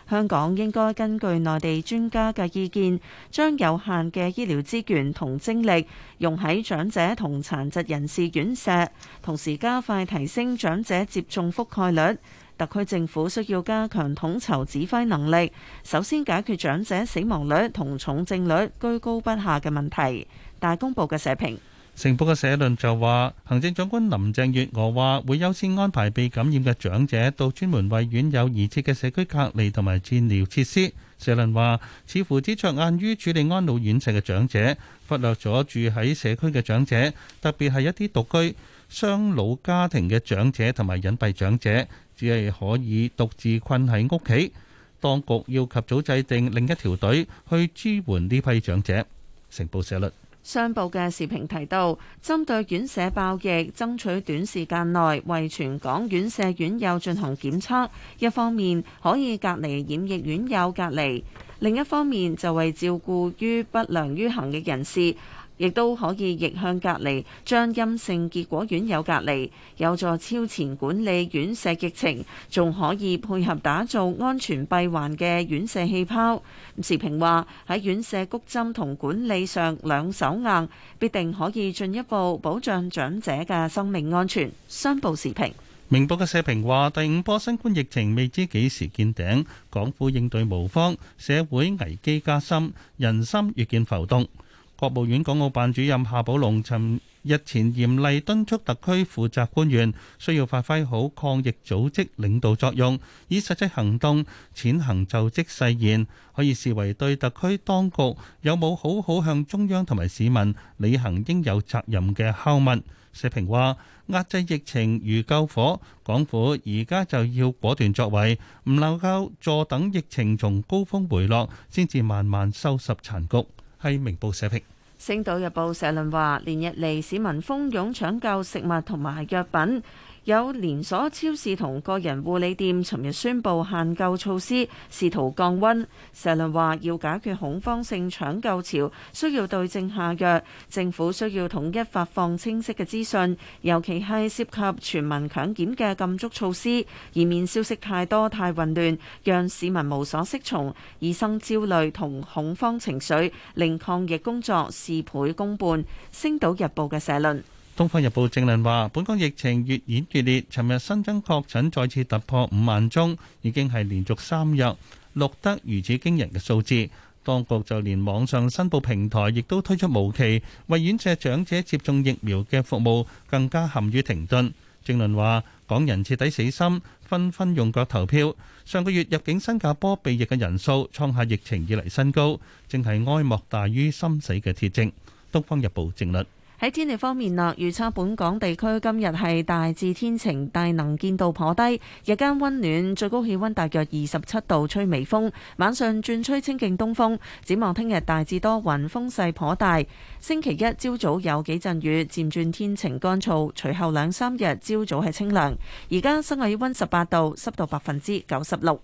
[SPEAKER 3] 香港應該根據內地專家嘅意見，將有限嘅醫療資源同精力用喺長者同殘疾人士院舍，同時加快提升長者接種覆蓋率。特區政府需要加強統籌指揮能力，首先解決長者死亡率同重症率居高不下嘅問題。大公報嘅社評，
[SPEAKER 4] 成報嘅社論就話，行政長官林鄭月娥話會優先安排被感染嘅長者到專門為院友而設嘅社區隔離同埋治療設施。社論話，似乎只着眼於處理安老院舍嘅長者，忽略咗住喺社區嘅長者，特別係一啲獨居、雙老家庭嘅長者同埋隱蔽長者。只係可以獨自困喺屋企，當局要及早制定另一條隊去支援呢批長者。成報社論，
[SPEAKER 3] 《上報嘅視頻提到，針對院舍爆疫，爭取短時間內為全港院舍院友進行檢測，一方面可以隔離染疫院友隔離，另一方面就為照顧於不良於行嘅人士。亦都可以逆向隔離，將陰性結果院友隔離，有助超前管理院舍疫情，仲可以配合打造安全閉環嘅院舍氣泡。時評話喺院舍谷針同管理上兩手硬，必定可以進一步保障長者嘅生命安全。商報時評，
[SPEAKER 4] 明報嘅社評話：第五波新冠疫情未知幾時見頂，港府應對無方，社會危機加深，人心愈見浮動。國務院港澳辦主任夏寶龍尋日前嚴厲敦促特區負責官員，需要發揮好抗疫組織領導作用，以實際行動踐行就職誓言，可以視為對特區當局有冇好好向中央同埋市民履行應有責任嘅考問。社評話：壓制疫情如救火，港府而家就要果斷作為，唔能夠坐等疫情從高峰回落，先至慢慢收拾殘局。係明報社評，
[SPEAKER 3] 《星島日報》社論話：連日嚟市民蜂擁搶購食物同埋藥品。有連鎖超市同個人護理店尋日宣布限購措施，試圖降溫。社論話要解決恐慌性搶購潮，需要對症下藥，政府需要統一發放清晰嘅資訊，尤其係涉及全民強檢嘅禁足措施，以免消息太多太混亂，讓市民無所適從，而生焦慮同恐慌情緒，令抗疫工作事倍功半。《星島日報》嘅社論。
[SPEAKER 4] 《東方日報》正論話：本港疫情越演越烈，尋日新增確診再次突破五萬宗，已經係連續三日錄得如此驚人嘅數字。當局就連網上申報平台亦都推出無期，為院舍長者接種疫苗嘅服務更加陷於停頓。正論話：港人徹底死心，紛紛用腳投票。上個月入境新加坡避疫嘅人數創下疫情以嚟新高，正係哀莫大於心死嘅鐵證。《東方日報》正論。
[SPEAKER 3] 喺天氣方面啦，預測本港地區今日係大致天晴，但能見度頗低，日間溫暖，最高氣温大約二十七度，吹微風。晚上轉吹清勁東風。展望聽日大致多雲，風勢頗大。星期一朝早有幾陣雨，漸轉天晴乾燥。隨後兩三日朝早係清涼。而家室外溫十八度，濕度百分之九十六。